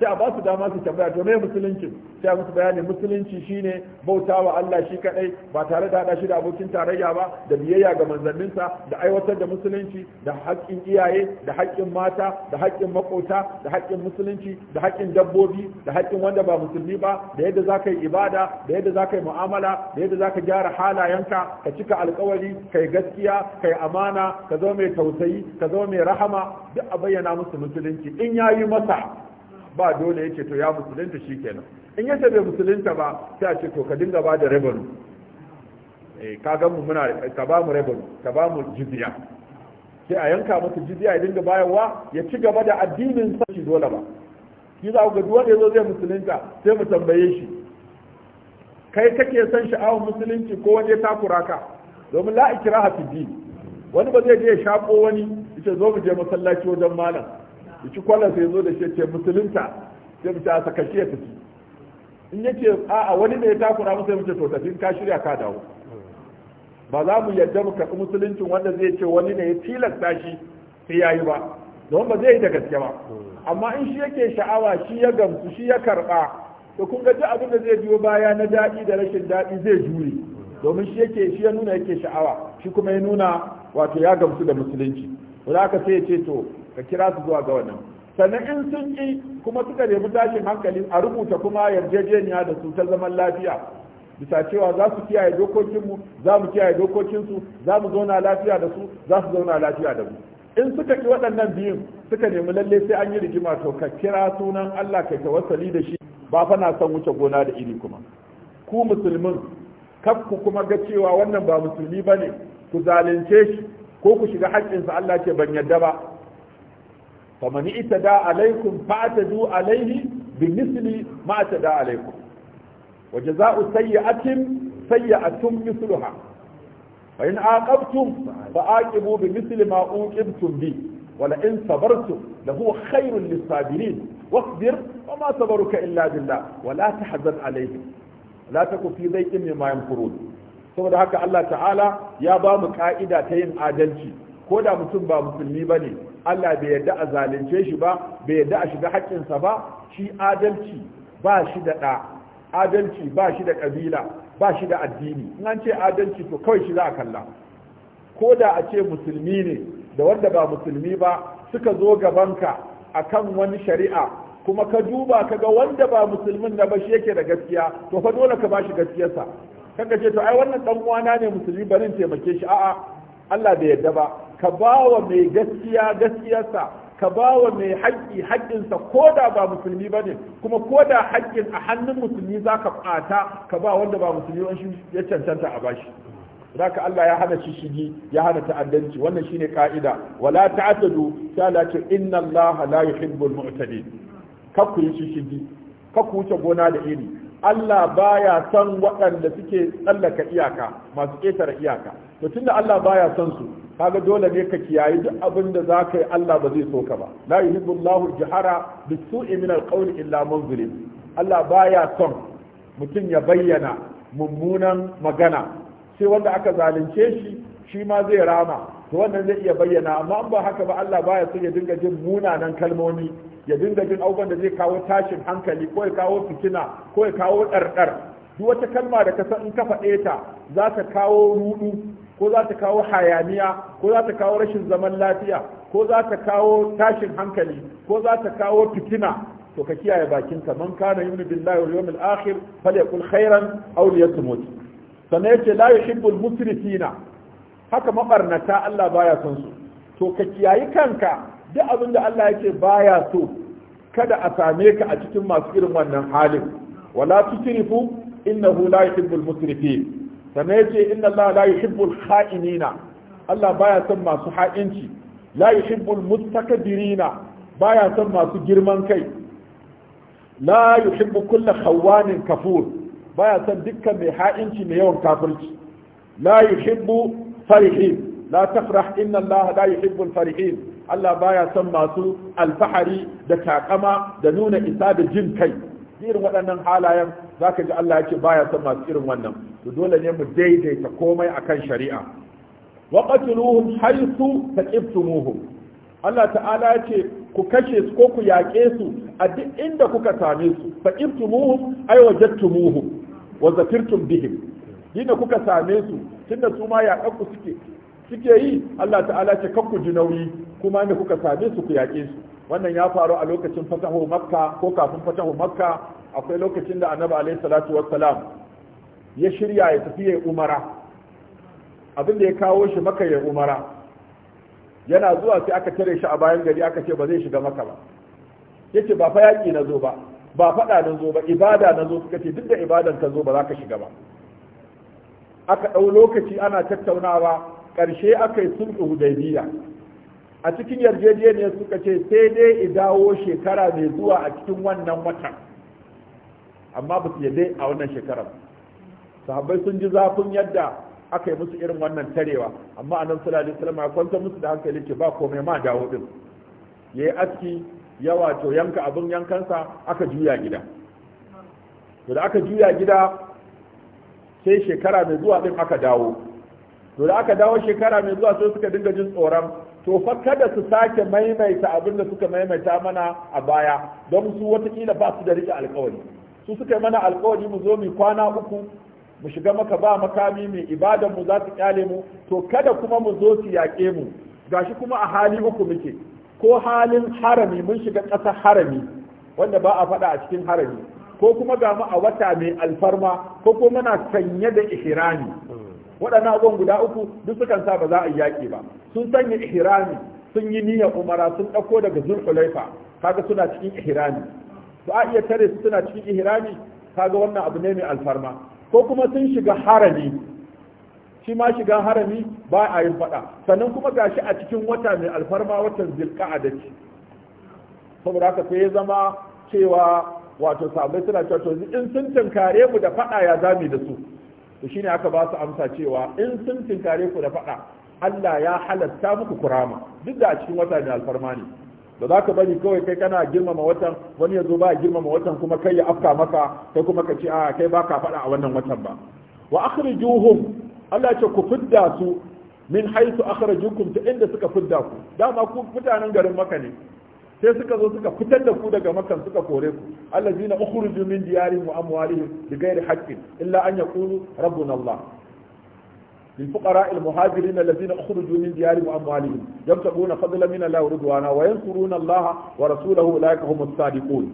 sai a ba su dama su tambaya to me musulunci sai a musu bayani musulunci shine bautawa Allah shi kadai ba tare da hada shi da abokin tarayya ba da biyayya ga manzannin sa, da aiwatar da musulunci da haƙƙin iyaye da haƙƙin mata da haƙƙin makota da haƙƙin musulunci da haƙƙin dabbobi da haƙƙin wanda ba musulmi ba da yadda za ka yi ibada da yadda za ka yi mu'amala da yadda zaka gyara halayenka ka cika alƙawari, ka gaskiya ka amana ka zama mai tausayi ka zama mai rahama duk a bayyana musu musulunci in yayi masa ba dole ya to ya musulunta shi kenan in yace bai musulunta ba sai a ce to ka dinga ba da rabanu eh ka ga mu muna ka ba mu rabanu ka ba mu jizya sai a yanka masa jizya ya dinga bayarwa ya ci gaba da addinin sa shi dole ba shi za ku ga wanda yazo zai musulunta sai mu tambaye shi kai kake son sha'awar musulunci ko wanda ya takura ka domin la ikraha fi din wani ba zai je ya shako wani yace zo mu je masallaci wajen malam biki kwallon sai zo da shi ce musulunta sai mu ce a sakashi ya tafi in yake a'a wani ne ya takura mu sai mu ce to tafi ka shirya ka dawo ba za mu yarda mu karɓi musuluncin wanda zai ce wani ne ya tilasta shi sai ya yi ba don ba zai yi da gaske ba amma in shi yake sha'awa shi ya gamsu shi ya karɓa to kun ga duk abin da zai biyo baya na daɗi da rashin daɗi zai jure domin shi yake shi ya nuna yake sha'awa shi kuma ya nuna wato ya gamsu da musulunci to aka sai ya ce to ka kira su zuwa ga wannan sannan in sun ƙi kuma suka nemi tashin hankali a rubuta kuma yarjejeniya da su ta zaman lafiya bisa cewa za su kiyaye dokokinmu za mu kiyaye dokokinsu za mu zauna lafiya da su za su zauna lafiya da mu in suka ƙi waɗannan biyun suka nemi lalle sai an yi rigima to ka kira sunan Allah ka wasali da shi ba fa na son wuce gona da iri kuma ku musulmin kaf ku kuma ga cewa wannan ba musulmi ne? ku zalunce shi ko ku shiga haƙƙinsa Allah ce ban yadda ba faman itada alaikum fa'tadu alaihi bimisli ma atada alaikum wa jazaa'u sayyi'atin sayyi'atun misluha fa in aqabtum fa aqibu bimisli ma uqibtum bi wa la in sabartum lahu khairul lisabirin واصبر وما صبرك إلا بالله ولا تحزن عليهم لا تكن في ضيق مما يمكرون saboda haka Allah ta'ala ya ba mu ka'ida ta yin adalci ko da mutum ba musulmi ba ne Allah bai yarda a zalunce shi ba bai yarda a shiga haƙƙinsa ba shi adalci ba shi da ɗa adalci ba shi da ƙabila ba shi da addini in an ce adalci to kawai shi za a kalla ko da a ce musulmi ne da wanda ba musulmi ba suka zo ka akan wani shari'a kuma ka duba ka ga wanda ba musulmin na ba shi yake da gaskiya to fa dole ka bashi gaskiyarsa ka ce to ai wannan ɗan uwana ne musulmi bari taimake shi a'a Allah bai yarda ba ka ba wa mai gaskiya gaskiyarsa ka ba wa mai haƙƙi haƙƙinsa ko da ba musulmi ba ne kuma ko da haƙƙin a hannun musulmi za ka ɓata ka ba wanda ba musulmi wani ya cancanta a bashi ka Allah ya hana shishigi ya hana ta'addanci wannan shine ka'ida wala ta'tadu sai Allah ce inna Allah la yuhibbul mu'tadin ka ku yi shishigi ka ku wuce gona da iri Allah baya son waɗanda suke tsallaka iyaka masu ƙetare iyaka to tunda Allah baya son su kaga dole ne ka kiyaye duk abin da za ka yi Allah ba zai so ka ba la yuhibbu Allahu jahara bis min al illa man zulim Allah baya son mutum ya bayyana mummunan magana sai wanda aka zalunce shi shi ma zai rama to wannan zai iya bayyana amma ba haka ba Allah baya son ya dinga jin munanan kalmomi ya dinga jin abubuwan da zai kawo tashin hankali ko ya kawo fitina ko ya kawo ɗarɗar duk wata kalma da ka san in ka faɗe ta za ta kawo rudu ko za ta kawo hayaniya ko za ta kawo rashin zaman lafiya ko za ta kawo tashin hankali ko za ta kawo fitina to ka kiyaye bakinka man kana yuminu billahi wal yawmil akhir falyakul khairan aw liyatmut sannan yace la yuhibbul musrifina haka mabarnata Allah baya son su to ka kiyayi kanka duk abin da Allah yake baya so kada a same ka a cikin masu irin wannan halin wala tusrifu innahu la yuhibbul musrifin sannan yace inna Allah la yuhibbul kha'inina Allah baya son masu ha'inci la yuhibbul mustakbirina baya son masu girman kai la yuhibbu kullu khawanin kafur baya son dukkan mai ha'inci mai yawan kafirci la yuhibbu farihin la tafrah inna Allah la yuhibbul farihin Allah baya son masu alfahari da takama da nuna isa da jin kai irin waɗannan halayen za ka ji Allah ya ce baya son masu irin wannan to dole ne mu daidaita komai akan shari'a wa qatiluhum haythu muhu. Allah ta'ala ya ce ku kashe su ko ku yaƙe su a duk inda kuka same su faqibtumuhum ay wajadtumuhum wa zafirtum bihim dina kuka same su tunda su ma yaƙa ku suke suke yi Allah ta'ala ce ku ji nauyi kuma ne kuka same su ku yaƙe su wannan ya faru a lokacin fatahu makka ko kafin fatahu makka akwai lokacin da annabi alaihi salatu wassalam ya shirya ya tafi ya umara abin da ya kawo shi maka ya umara yana zuwa sai aka tare shi a bayan gari aka ce ba zai shiga maka ba yace ba fa yaƙi na zo ba ba faɗa na zo ba ibada na zo suka ce duk da ibadan ka zo ba za ka shiga ba aka ɗau lokaci ana tattaunawa ƙarshe aka yi sulhu hudaybiya a cikin yarjejeniyar suka ce sai dai i dawo shekara mai zuwa a cikin wannan watan amma ba su yadda a wannan shekarar sahabbai sun ji zafin yadda aka yi musu irin wannan tarewa amma a nan sulali salama kwanta musu da hankali ce ba komai ma dawo din ya yi aski yawa to yanka abin yankansa aka juya gida to da aka juya gida sai shekara mai zuwa din aka dawo to da aka dawo shekara mai zuwa sai suka dinga jin tsoron to fa kada su sake maimaita abin da suka maimaita mana a baya don su watakila ba su da rike alkawari su suka yi mana alkawari mu zo mu kwana uku mu shiga maka ba makami mai ibadan mu za su kyale mu to kada kuma mu zo su yaƙe mu gashi kuma a hali uku muke ko halin harami mun shiga ƙasar harami wanda ba a faɗa a cikin harami ko kuma ga mu a wata mai alfarma ko kuma muna sanye da ihrami waɗannan abubuwan guda uku duk sukan sa ba za a yi yaƙi ba sun sanya ihrami sun yi niyyar umara sun ɗauko daga zulhulaifa kaga suna cikin ihrami to a iya tare su suna cikin ihrami kaga wannan abu ne mai alfarma ko kuma sun shiga harami shi ma shiga harami ba a yin faɗa sannan kuma gashi a cikin wata mai alfarma watan zilka'ada ce saboda haka sai ya zama cewa wato sabai suna cewa to in sun tunkare mu da faɗa ya zami da su to shine aka ba su amsa cewa in sun tinkare ku da faɗa Allah ya halatta muku kurama duk da a cikin wata ne alfarma ne da za ka bari kawai kai kana girmama watan wani ya zo ba girmama watan kuma kai ya afka maka kai kuma ka ce a kai ba ka faɗa a wannan watan ba wa akhrijuhum Allah ce ku fidda su min haitu akhrajukum ta inda suka fidda ku dama ku mutanen garin maka ne sai suka zo suka fitar da ku daga makan suka kore ku allazina ukhruju min diyarihim wa amwalihim bighairi haqqin illa an yaqulu rabbuna allah للفقراء المهاجرين wa اخرجوا من ديارهم واموالهم يبتغون فضلا من الله ورضوانا وينصرون الله ورسوله اولئك هم الصادقون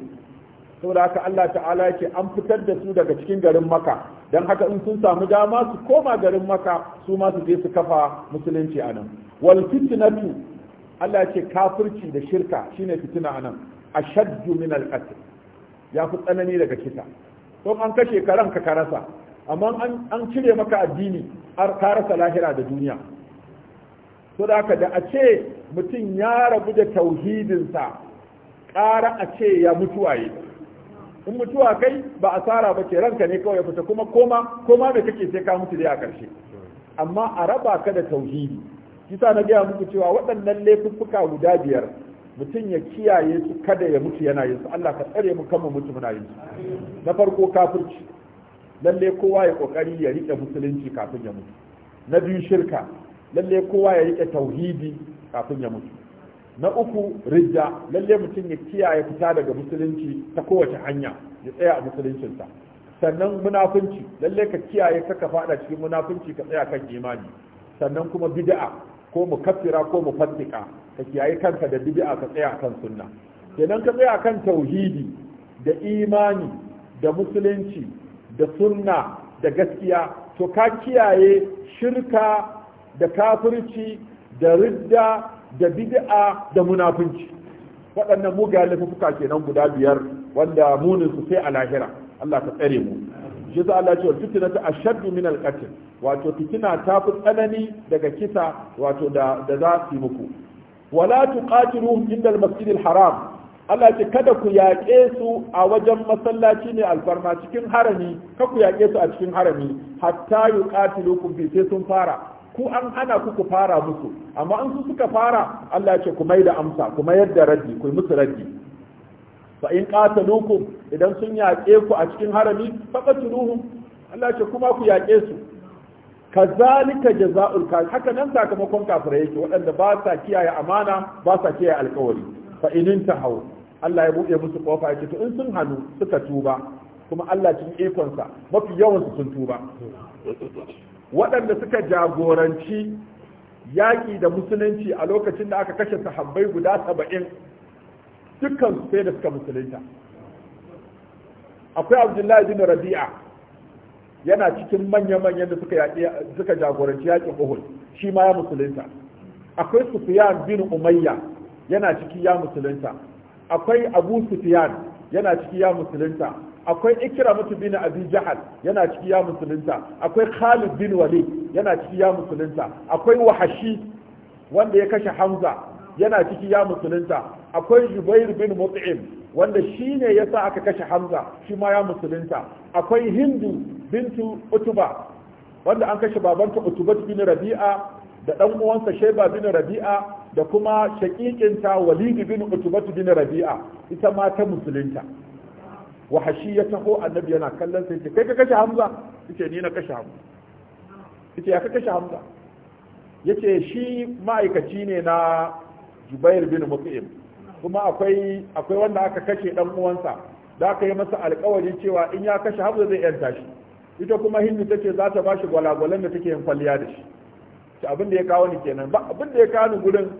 saboda haka Allah ta'ala yake an fitar da su daga cikin garin maka don haka in sun samu dama su koma garin maka su ma su je su kafa musulunci a nan wal fitnatu Allah ya ce kafirci da shirka shine fitina anan ashaddu min al ya fi tsanani daga kisa to an kashe ka ka rasa amma an cire maka addini har ka rasa lahira da duniya to da haka da a ce mutum ya rabu da tauhidinsa kara a ce ya mutu waye in mutuwa kai ba asara ba ce ranka ne kawai fita kuma koma koma da kake sai ka mutu dai a karshe amma a raba ka da tauhidi kisa na gaya muku cewa waɗannan laifuffuka guda biyar mutum ya kiyaye su kada ya mutu yana yin su Allah ka tsare mu kan mutu muna yin su na farko kafirci lalle kowa ya kokari ya rike musulunci kafin ya mutu na biyu shirka lalle kowa ya rike tauhidi kafin ya mutu na uku rijja lalle mutum ya kiyaye fita daga musulunci ta kowace hanya ya tsaya a musuluncinsa sannan munafunci lalle ka kiyaye ka ka fada cikin munafunci ka tsaya kan imani sannan kuma bid'a ko mu kafira ko mu mufassika ka kiyaye kanka da bid'a ka tsaya kan sunna kenan ka tsaya kan tauhidi da imani da musulunci da sunna da gaskiya to ka kiyaye shirka da kafirci da ridda da bid'a da munafunci waɗannan mugayen laifuka kenan guda biyar wanda munin su sai a lahira Allah ka tsare mu shi yasa Allah ce fitina ta ashaddu min alqatl wato fitina ta fi tsanani daga kisa wato da da za su yi muku wala tuqatiluhum inda almasjid haram. Allah ce kada ku yaƙe su a wajen masallaci ne alfarma cikin harami ka ku yaƙe su a cikin harami hatta yuqatilukum bi sai sun fara ku an hana ku ku fara musu amma an su suka fara Allah ya ce ku mai da amsa ku mayar da raddi ku musu raddi fa in qataluukum idan sun yaƙe ku a cikin harami faqatuluhum Allah ce kuma ku yaƙe su kazalika jazaul kafir haka nan sakamakon kafirai yake waɗanda ba sa kiyaye amana ba sa kiyaye alƙawari fa in intahu Allah ya buɗe musu kofa yake to in sun hanu suka tuba kuma Allah cikin sa mafi yawan su sun tuba waɗanda suka jagoranci yaƙi da musulunci a lokacin da aka kashe sahabbai guda saba'in dukkan su sai da suka musulunta akwai abdullahi bin rabi'a yana cikin manya-manyan da suka jagoranci yakin uhud shi ma ya musulunta akwai sufyan bin umayya yana ciki ya musulunta akwai abu sufyan yana ciki ya musulunta akwai ikramatu bin abi jahal yana ciki ya musulunta akwai khalid bin walid yana ciki ya musulunta akwai wahashi wanda ya kashe hamza yana ciki ya musulunta akwai Jubair bin Mut'im wanda shine yasa aka kashe Hamza shi ma ya musulunta akwai Hindu bintu Utuba wanda an kashe babanta Utuba bin Rabi'a da dan uwansa Shayba bin Rabi'a da kuma shakikinta Walid bin Utuba bin Rabi'a ita ma ta musulunta wa hashiyatahu annabi yana kallon sai ce kai ka kashe Hamza yace ni na kashe Hamza yace ya ka kashe Hamza yace shi ma'aikaci ne na Jubair bin Mut'im kuma akwai akwai wanda aka kashe dan uwansa da aka yi masa alkawari cewa in ya kashe Hamza zai yanta shi ita kuma Hindu ce za ta bashi gwalagwalan da take yin kwalliya da shi ta abin da ya kawo ni kenan ba abin da ya kawo ni gurin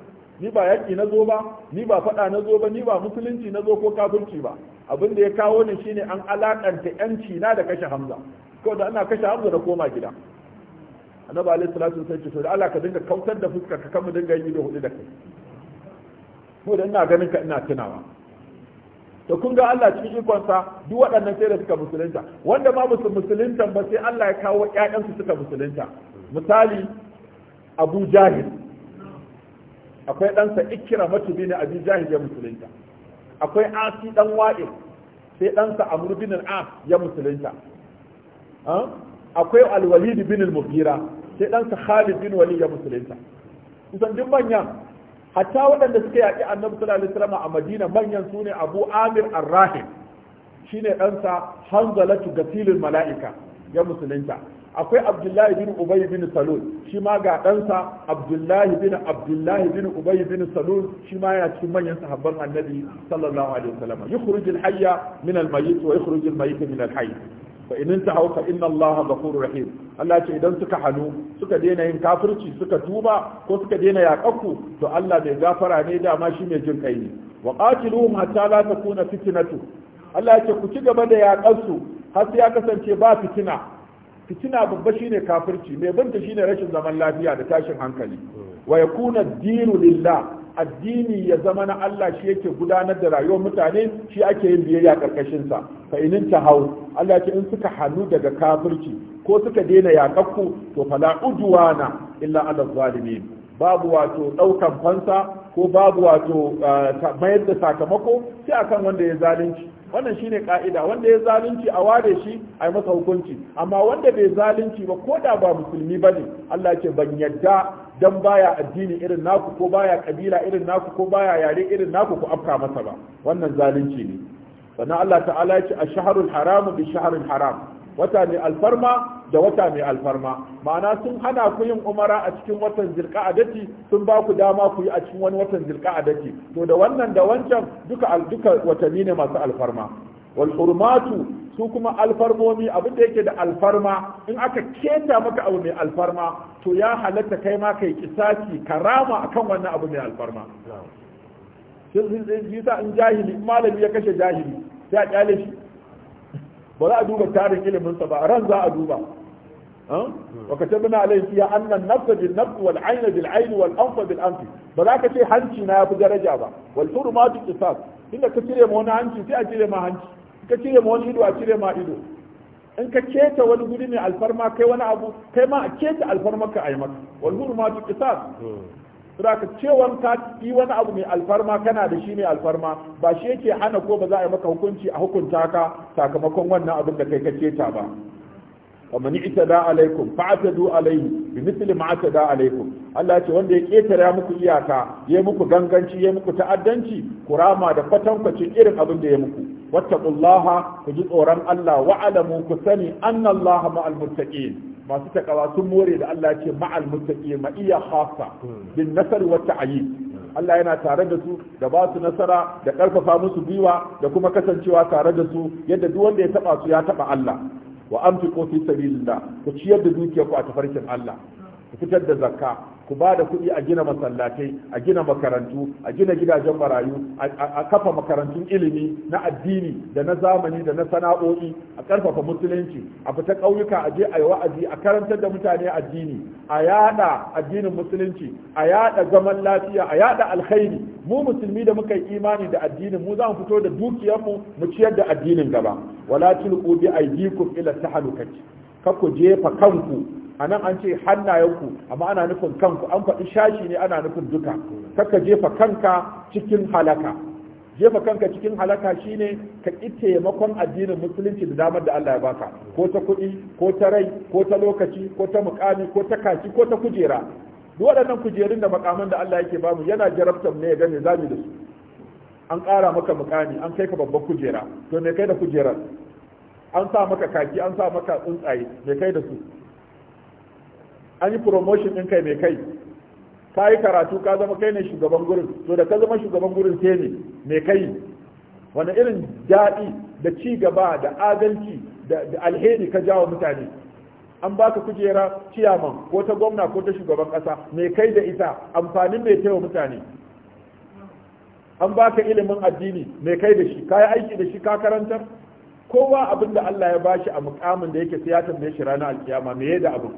ni ba yaƙi na zo ba ni ba faɗa na zo ba ni ba musulunci na zo ko kafirci ba abin da ya kawo ni shine an alakanta yanci na da kashe Hamza ko da ana kashe Hamza da koma gida annabi alaihi salatu wasallam ce to da Allah ka dinga kautar da fuskar ka kan dinga yi da hudu da kai mu da ina ganin ka ina tunawa to kun ga Allah cikin ikonsa duk waɗannan sai da suka musulunta wanda ma musu musulunta ba sai Allah ya kawo ƴaƴansu suka musulunta misali Abu Jahil akwai ɗansa Ikramatu bin Abi Jahil ya musulunta akwai Asi dan Wa'il sai ɗansa Amr bin al-As ya musulunta akwai Al-Walid bin al-Mughira sai ɗansa Khalid bin Walid ya musulunta kusan duk manyan hatta waɗanda suka yaƙi annabi sallallahu alaihi wasallam a madina manyan su ne abu amir arrahim shine ɗansa hanzalatu gasilin mala'ika ya musulunta akwai abdullahi bin ubay bin salul shi ma ga ɗansa abdullahi bin abdullahi bin ubay bin salul shi ma yana cikin manyan sahabban annabi sallallahu alaihi wasallam yukhrij hayya min al-mayyit wa yukhrij al-mayyit min al-hayy fa in tahaw fa inna allaha rahim Allah ce idan suka hanu suka daina yin kafirci suka tuba ko suka daina yakakku to Allah mai gafara ne dama shi mai jin kai ne wa qatiluhum hatta la takuna fitnatu Allah ce ku ci gaba da yakansu har sai ya kasance ba fitina fitina babba shine kafirci mai banta shine rashin zaman lafiya da tashin hankali wa yakuna dinu lillah addini ya zama na Allah shi yake gudanar da rayuwar mutane shi ake yin biyayya karkashin sa fa inin hau. Allah ce in suka hannu daga kafirci ko suka daina yakakku to fala udwana illa ala zalimin babu wato daukan fansa ko babu wato mayar da sakamako sai akan wanda ya zalunci wannan shine ka'ida wanda ya zalunci a ware shi a yi masa hukunci amma wanda bai zalunci ba ko da ba musulmi bane Allah ce ban yadda dan baya addini irin naku ko baya kabila irin naku ko baya yare irin naku ku afka masa ba wannan zalunci ne sannan Allah ta'ala ya ce a shahrul haramu bi shahril haram wata mai alfarma da wata mai alfarma ma'ana sun hana ku yin umara a cikin watan a zilqa'adati sun ba ku dama ku yi a cikin wani watan zilqa'adati to da wannan da wancan duka duka watanni ne masu alfarma والحرمات su kuma alfarmomi abin da yake da alfarma in aka keta maka abu mai alfarma to ya halatta kai ma kai kisaki karama akan wannan abu mai alfarma sun sun jisa in jahili malami ya kashe jahili sai a kyale shi ba za a duba tarin iliminsa ba ran za a duba waka ce bina alai fiya annan nafsa bil nafsu wal aina bil aini ba za ka ce hanci na ya fi daraja ba wal turma kisas inda ka cire ma wani hanci sai a cire ma hanci ka cire ma wani ido a cire ma ido in ka keta wani guri mai alfarma kai wani abu kai ma a keta alfarma ka a yi maka wal hurmatu qisas saboda ka cewa ka yi wani abu mai alfarma kana da shi mai alfarma ba shi yake hana ko ba za a yi maka hukunci a hukunta ka sakamakon wannan abin da kai ka keta ba ومن اعتدى عليكم فاعتدوا عليه بمثل ما اعتدى عليكم Allah ce wanda ya ketare muku iyaka ya muku ganganci ya muku ta'addanci kurama da kwatankwacin irin abin da ya muku wattaqullaha ku ji tsoron Allah wa alamu ku sani annallaha ma'al muttaqin masu takawa sun more da Allah ce ma'al muttaqin ma iya khassa bin nasar wa ta'yin Allah yana tare da su da ba su nasara da karfafa musu gwiwa da kuma kasancewa tare da su yadda duk wanda ya taba su ya taba Allah wa amfiqu fi sabilillah ku ciyar da dukiyarku a tafarkin Allah ku fitar da zakka ku ba da kuɗi a gina masallatai a gina makarantu a gina gidajen marayu a kafa makarantun ilimi na addini da na zamani da na sana'o'i a ƙarfafa musulunci a fita ƙauyuka a je a yi wa'azi a karantar da mutane addini a yaɗa addinin musulunci a yaɗa zaman lafiya a yaɗa alkhairi mu musulmi da muka yi imani da addinin mu za mu fito da dukiyarmu mu ciyar da addinin gaba wala tulqu bi aydikum ila tahalukati kako jefa kanku a nan an ce hannayenku amma ana nufin kanku an faɗi shashi ne ana nufin duka kakka jefa kanka cikin halaka jefa kanka cikin halaka shine ka ƙi taimakon addinin musulunci da damar da Allah ya baka ko ta kuɗi ko ta rai ko ta lokaci ko ta mukami ko ta kaci ko ta kujera duk waɗannan kujerun da makaman da Allah yake bamu yana jarabtar ne ya gane zamu da su an ƙara maka mukami an kai ka babban kujera to me kai da kujerar an sa maka kaki an sa maka tsuntsaye me kai da su an yi promotion ɗin kai mai kai ka yi karatu ka zama kai ne shugaban gurin to da ka zama shugaban gurin sai ne mai kai wani irin daɗi da ci gaba da adalci da alheri ka jawo mutane an baka kujera ciyaman ko ta gwamna ko ta shugaban ƙasa mai kai da ita amfanin mai taiwa mutane an baka ilimin addini mai kai da shi ka yi aiki da shi ka karantar kowa abin da Allah ya bashi a mukamin da yake sai ya tambaye shi ranar alkiyama me da abin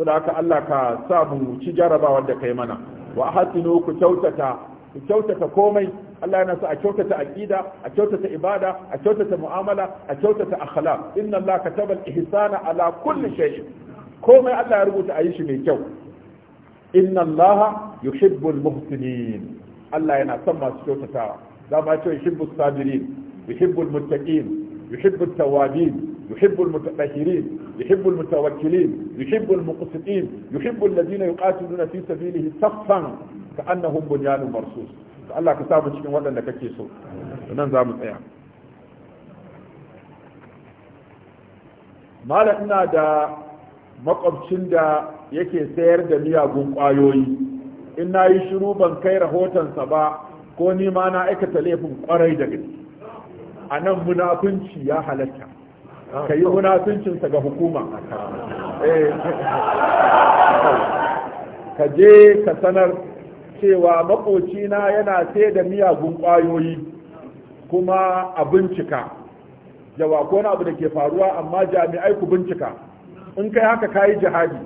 to da haka Allah ka sa mu ci jarabawar da kai mana wa hasinu ku kyautata ku kyautata komai Allah yana sa a kyautata aqida a kyautata ibada a kyautata mu'amala a kyautata akhlaq inna Allah kataba al-ihsana ala kulli shay'in komai Allah ya rubuta a yi shi mai kyau inna Allah yuhibbul muhsinin Allah yana son masu kyautatawa dama ce yuhibbus sabirin yuhibbul muttaqin yuhibbut tawabin يحب المتطهرين يحب المتوكلين يحب المقسطين يحب الذين يقاتلون في سبيله صفا كأنهم بنيان مرصوص Allah ka samu cikin waɗanda kake so nan za mu tsaya Malam ina da makwabcin da yake sayar da miyagun ƙwayoyi in na yi shiru ban kai rahotonsa ba ko ni ma na aikata laifin ƙwarai da gaske a nan munafunci ya halatta Ah, ka yi munafincinsa ga hukuma eh. ka je ka sanar cewa makocina yana sai da miyagun ƙwayoyi kuma a bincika yawa ko abu da ke faruwa amma jami'ai ku bincika in kai haka ka yi jihadi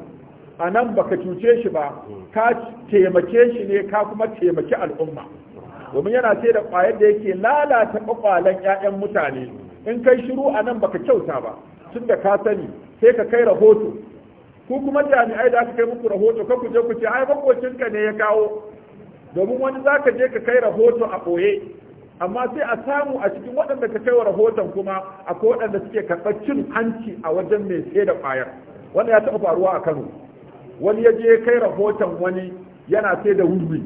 a nan ba ka cuce shi ba ka taimake shi ne ka kuma taimaki al'umma domin yana sai da kwayar da yake lalata ƙwaƙwalen 'ya'yan mutane in kai shiru a nan baka kyauta ba tun da ka sani sai ka kai rahoto ku kuma jami'ai da aka kai muku rahoto ka ku je ku ce ai makocinka ne ya kawo domin wani za ka je ka kai rahoto a ɓoye amma sai a samu a cikin waɗanda ka kai wa rahoton kuma akwai waɗanda suke karɓar cin hanci a wajen mai sai da ƙwayar wanda ya taɓa faruwa a kano wani ya je kai rahoton wani yana sai da wuri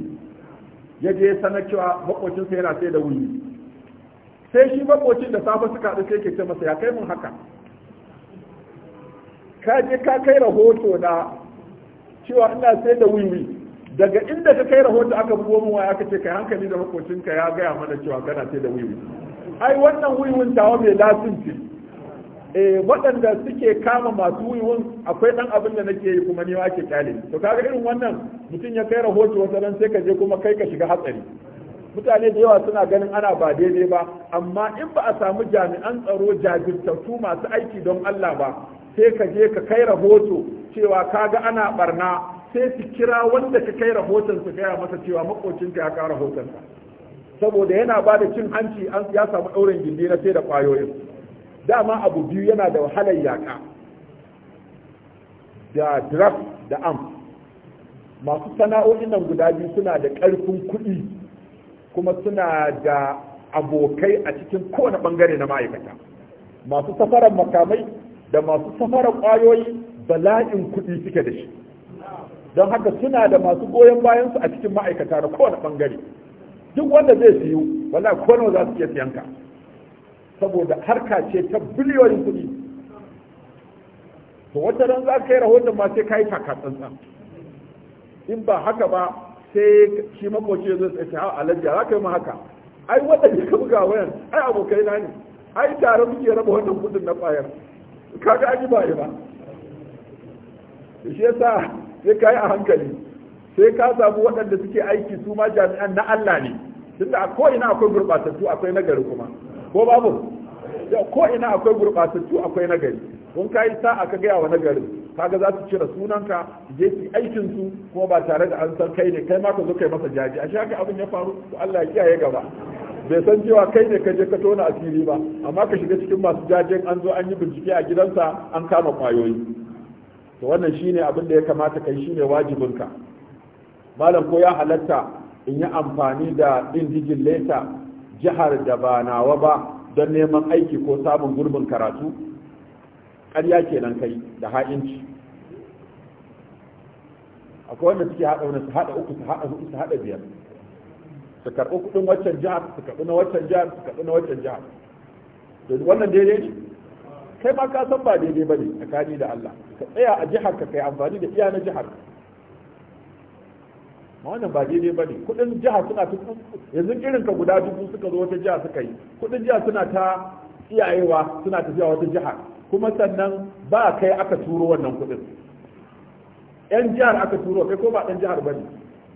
ya je sanar cewa makocinsa yana sai da wuri sai shi makocin da safe suka haɗu sai ke ce masa ya kai mun haka ka je ka kai rahoto na cewa ina sai da wiwi daga inda ka kai rahoto aka buwo mu waya aka ce kai hankali da makocinka ya gaya mana cewa kana sai da wiwi ai wannan wiwin tawa mai ce eh waɗanda suke kama masu wiwin akwai ɗan abin da nake yi kuma ni ma ake kyale to kaga irin wannan mutum ya kai rahoto wata sai ka je kuma kai ka shiga hatsari mutane da yawa suna ganin ana ba daidai ba amma in ba a samu jami'an tsaro jajirtattu masu aiki don Allah ba sai ka je ka kai rahoto cewa kaga ana barna sai su kira wanda ka kai rahoton su gaya masa cewa ka ya rahoton sa saboda yana ba da cin hanci an ya samu ɗaurin gindi na sai da ƙwayoyin dama abu biyu yana da wahalar yaƙa da draft da am masu sana'o'in nan guda biyu suna da ƙarfin kuɗi kuma suna da abokai a cikin kowane bangare na ma'aikata masu safarar makamai da masu safarar ƙwayoyi bala'in kuɗi suke da shi don haka suna da masu goyon bayansu a cikin ma'aikata na kowane bangare duk wanda zai siyu wala kowane za su iya siyanka saboda harka ce ta biliyoyin kuɗi to wata ran za ka yi rahoton ma sai ka yi takatsantsan in ba haka ba sai shi makoci zai tsaye a alajiya za ka yi mu haka ai waɗanda ka buga wayan ai abokai na ne ai tare muke raba wannan kudin na bayan kaga an yi ba ba shi yasa sai ka yi a hankali sai ka samu waɗanda suke aiki su ma jami'an na Allah ne tunda a ko'ina akwai gurɓatattu akwai nagari kuma ko babu ko ina akwai gurɓatattu akwai nagari kun ka yi sa'a ka gaya wa nagarin kaga za su cire sunanka je su aikin su kuma ba tare da an san kai ne kai ma ka zo kai masa jaji a shi haka abin ya faru to Allah ya kiyaye gaba bai san cewa kai ne ka je ka tona asiri ba amma ka shiga cikin masu jajin an zo an yi bincike a gidansa an kama kwayoyi to wannan shine abin da ya kamata kai shine wajibinka malam ko ya halatta in yi amfani da indijin leta jihar da ba nawa ba don neman aiki ko samun gurbin karatu ƙarya kenan kai da ha'inci akwai wanda suke haɗa wani su haɗa uku su haɗa huɗu su haɗa biyar su karɓi kuɗin waccan jihar su karɓi na waccan jihar su karɓi na waccan jihar to wannan daidai ne kai ma ka san ba daidai ba ne tsakani da Allah ka tsaya a jihar ka kai amfani da iya na jihar ma wannan ba daidai ba ne kuɗin jihar suna ta yanzu irin ka guda dubu suka zo wata jiha suka yi kuɗin jiha suna ta iyayewa suna tafiya wata jihar kuma sannan ba kai aka turo wannan kuɗin yan jihar aka turo kai ko ba ɗan jihar bane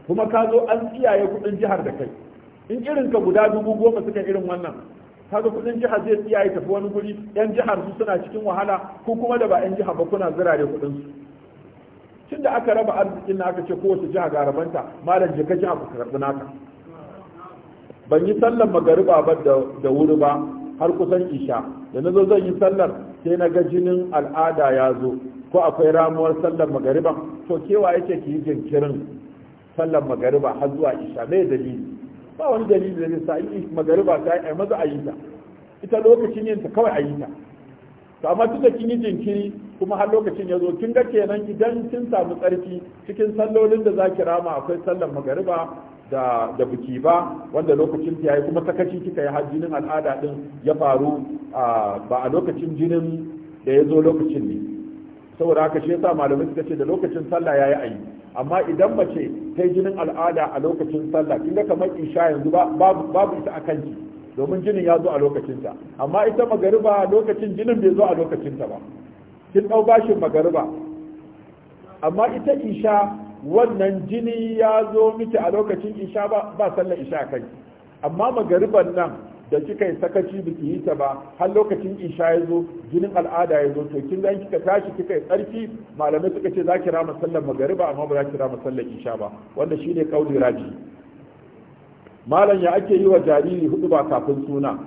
kuma ka zo an tsiyaye kuɗin jihar da kai in irin ka guda dubu goma suka irin wannan kaga kuɗin jihar zai tsiyaye tafi wani guri yan jihar su suna cikin wahala ko kuma da ba yan jihar ba kuna zirare kuɗin su tunda aka raba arzikin na aka ce kowace jiha ga rabanta malam ka jiha ku karɓi naka ban yi sallar magariba ba da wuri ba har kusan isha da na zo zan yi sallar sai na ga jinin al'ada ya zo ko akwai ramuwar sallar magariba to kewa yake ki yi jinkirin sallar magariba har zuwa isha mai dalili ba wani dalili da nisa yi magariba ta yi maza a yi ta ita lokacin yin ta kawai a yi ta to amma tunda kin yi jinkiri kuma har lokacin ya zo kin ga kenan idan kin samu tsarki cikin sallolin da zaki rama akwai sallar magariba da da buki ba wanda lokacin ta yayi kuma sakaci kika yi har jinin al'ada din ya faru ba a lokacin jinin da ya zo lokacin ne saboda haka shi yasa malamai suka ce da lokacin sallah yayi ayi amma idan mace ta jinin al'ada a lokacin sallah kin ga kamar sha yanzu babu babu ita akan ki domin jinin ya zo a ta amma ita magariba lokacin jinin bai zo a lokacin ta ba kin dau bashin magariba amma ita isha wannan jini ya zo miki a lokacin isha ba sallar isha kai amma magariban nan da kika yi sakaci biki yi ta ba har lokacin isha ya zo jinin al'ada ya zo to kin ga kika tashi kika yi tsarki malamai suka ce za ki rama sallar magariba amma ba za ki rama sallar isha ba wanda shine kauli raji malam ya ake yi wa jariri hudu ba kafin suna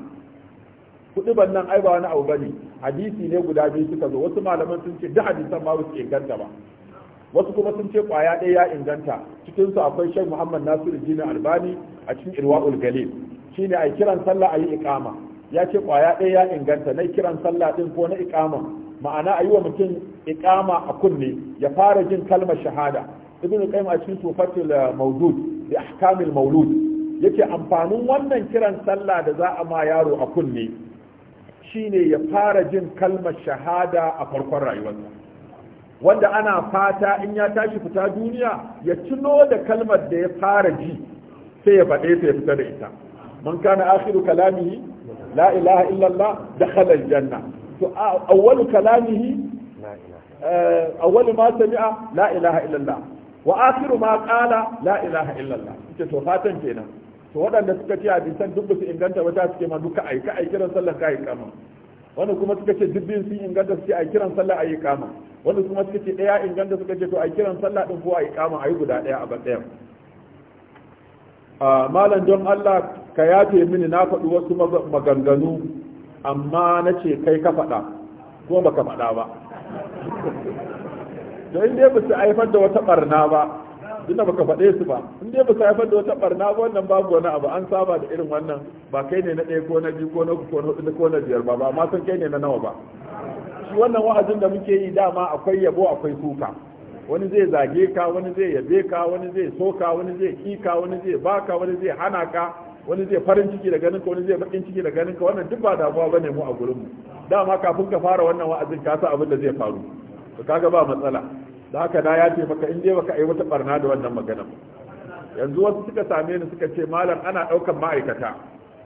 hudu ban nan ai ba wani abu bane hadisi ne guda biyu suka zo wasu malaman sun ce duk hadisan ma su inganta ba wasu kuma sun ce kwaya ɗaya ya inganta cikin su akwai shan Muhammad Nasiru Jina Albani a cikin Irwaul Shi shine a kiran sallah ayi iƙama. ya ce kwaya ɗaya ya inganta na kiran sallah ɗin ko na iƙama ma'ana ayi wa mutum iƙama a kunne ya fara jin kalmar shahada ibn qayyim a cikin tufatul eh, mawdud bi ahkamil mawlud yake amfanin wannan kiran sallah da za a ma yaro a kunne shine ya fara jin kalmar shahada a farkon rayuwarsa wanda ana fata in ya tashi fita duniya ya tuno da kalmar da ya fara ji sai ya faɗe sai ya fita da ita man kana akhiru kalamihi la ilaha illallah dakhala aljanna to awwalu kalamihi eh, awwalu ma sami'a la ilaha illallah wa akhiru ma qala la ilaha illallah ita to fatan kenan to wadanda suka ci hadisan duk su inganta wata suke ma duka aika aikiran sallan kai kama Wani kuma suka ce dubbin sun inganta suke a kiran sallah a yi kama Wani kuma suka ce ɗaya inganta suka ce to a kiran sallah ɗin ko a yi kama a yi guda ɗaya a ɗayan ah, malam don allah ka yafe mini na faɗi wasu maganganu amma na ce kai ka faɗa kuma baka faɗa ba to in dai ba su haifar da wata ɓarna ba tunda baka faɗe su ba in dai baka haifar da wata barna ba wannan babu wani abu an saba da irin wannan ba kai ne na ɗaya ko na biyu ko na uku ko na huɗu ko na biyar ba ba ma san kai ne na nawa ba shi wannan wa'azin da muke yi dama akwai yabo akwai kuka wani zai zage ka wani zai yabe ka wani zai soka wani zai kika wani zai baka wani zai hana ka wani zai farin ciki da ganin ka wani zai bakin ciki da ganin ka wannan duk ba damuwa bane mu a gurin mu dama kafin ka fara wannan wa'azin ka sa abin da zai faru to kaga ba matsala da haka da ya ce maka in dai baka yi wata barna da wannan magana yanzu wasu suka same ni suka ce malam ana daukan ma'aikata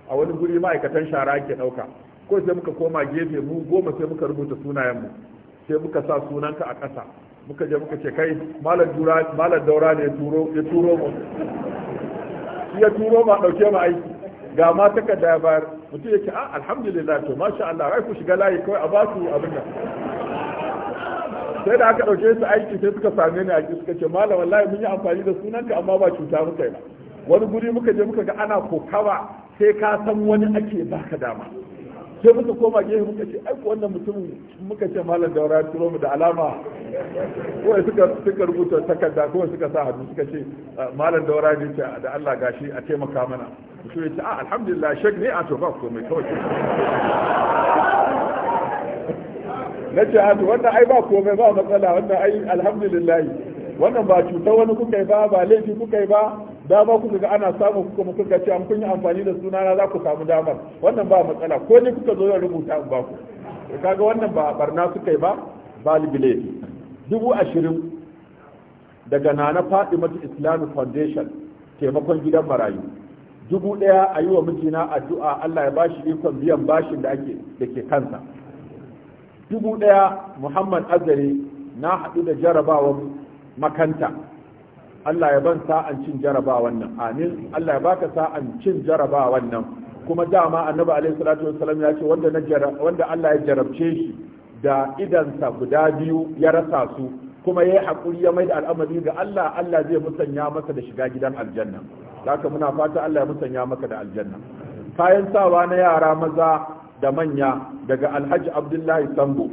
a wani guri ma'aikatan shara ke dauka ko sai muka koma gefe mu goma sai muka rubuta sunayen mu sai muka sa sunanka a ƙasa muka je muka ce kai malam jura malam daura ne turo ya turo mu ya turo ma dauke mu aiki ga ma takarda ya bayar mutum yake a ah, alhamdulillah to masha Allah rai ku shiga layi kawai a ba su abin nan sai da aka ɗauke su aiki sai suka same ni a suka ce malam wallahi mun yi amfani da sunanka amma ba cuta muka yi ba wani guri muka je muka ga ana kokawa sai ka san wani ake baka dama sai muka koma gefe muka ce ai wannan mutumin muka ce malam daura ya turo mu da alama kawai suka suka rubuta takarda kawai suka sa hannu suka ce malam daura ne ce da Allah gashi a taimaka mana mutum ya ce a ah, alhamdulillah shek ne a to ba komai
kawai
na ce a wannan ai ba komai ba matsala wannan ai alhamdulillah wannan ba cutar wani kuka yi ba ba laifi kuka yi ba dama kuka ga ana samun kuka mu kuka ce an kun yi amfani da suna na za ku samu damar wannan ba matsala ko ne kuka zo yin rubuta in ba ku kaga wannan ba barna suka yi ba ba libile dubu ashirin daga nana fadimatu islamic foundation taimakon gidan marayu dubu ɗaya a yi wa mijina addu'a allah ya bashi ikon biyan bashin da ake da ke kansa dubu ɗaya muhammad azare na haɗu da jarabawan makanta allah ya ban sa'an cin jarabawan nan amin allah ya baka sa'an cin jarabawan nan kuma dama annabi alaihi salatu wassalam ya ce wanda na wanda allah ya jarabce shi da idansa guda biyu ya rasa su kuma ya yi haƙuri ya mai da al'amari ga allah allah zai musanya masa da shiga gidan aljanna haka muna fata allah ya musanya maka da aljanna kayan sawa na yara maza da manya daga alhaji abdullahi sambo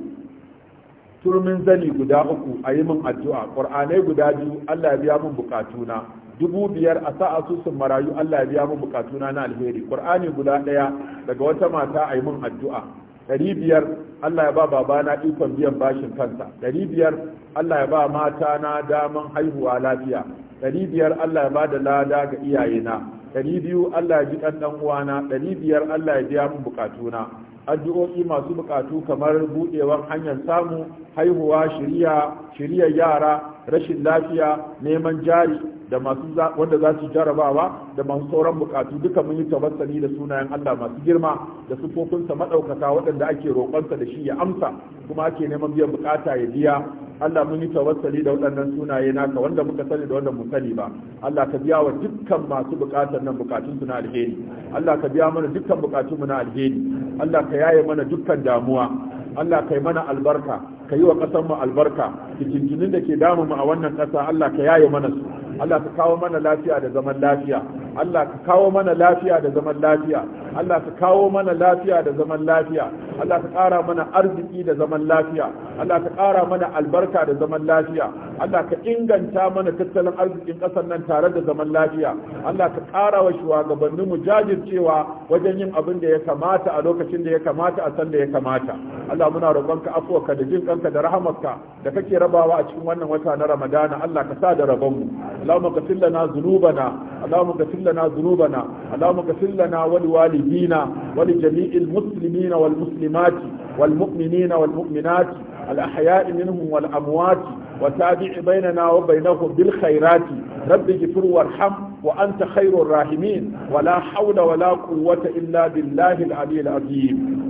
turmin zani guda uku a yi min addu'a ƙur'anai guda biyu allah ya biya min bukatuna dubu biyar a sa asusun marayu allah ya biya min bukatuna na alheri ƙur'ani guda ɗaya daga wata mata a yi min addu'a ɗari biyar allah ya ba babana ikon biyan bashin kansa ɗari biyar allah ya ba mata na daman haihuwa lafiya ɗari biyar allah ya ba da lada ga iyayena ɗari biyu Allah ya ji ɗan ɗan uwana ɗari biyar Allah ya biya min bukatuna addu'o'i masu bukatu kamar buɗewar hanyar samu haihuwa shiriya shiryar yara rashin lafiya neman jari da masu wanda za su jarabawa da masu sauran bukatu duka mun yi tabassali da sunayen Allah masu girma da sufofinsa madaukaka waɗanda ake roƙonsa da shi ya amsa kuma ake neman biyan bukata ya biya Allah mun yi tawassali da waɗannan sunaye naka wanda muka sani da wanda mu sani ba Allah ka biya wa dukkan masu bukatar nan bukatun su na alheri Allah ka biya mana dukkan bukatun mu na alheri Allah ka yaye mana dukkan damuwa Allah kai mana albarka ka yi wa ƙasar albarka cikin da ke damu mu a wannan kasa Allah ka yaye mana su Allah ka kawo mana lafiya da zaman lafiya Allah ka kawo mana lafiya da zaman lafiya Allah ka kawo mana lafiya da zaman lafiya Allah ka ƙara mana arziki da zaman lafiya Allah ka ƙara mana albarka da zaman lafiya Allah ka inganta mana tattalin arzikin ƙasar nan tare da zaman lafiya Allah ka ƙara wa shugabannin mu jajircewa wajen yin abin da ya kamata a lokacin da ya kamata a san da ya kamata Allah muna roƙonka afuwarka da jin kanka da rahamarka da kake rabawa a cikin wannan wata na Ramadana Allah ka sa da rabon Allahumma ghfir lana dhunubana Allahumma ghfir لنا ذنوبنا اللهم اغفر لنا ولوالدينا ولجميع المسلمين والمسلمات والمؤمنين والمؤمنات الأحياء منهم والأموات وتابع بيننا وبينهم بالخيرات رب اغفر وارحم وأنت خير الراحمين ولا حول ولا قوة إلا بالله العلي العظيم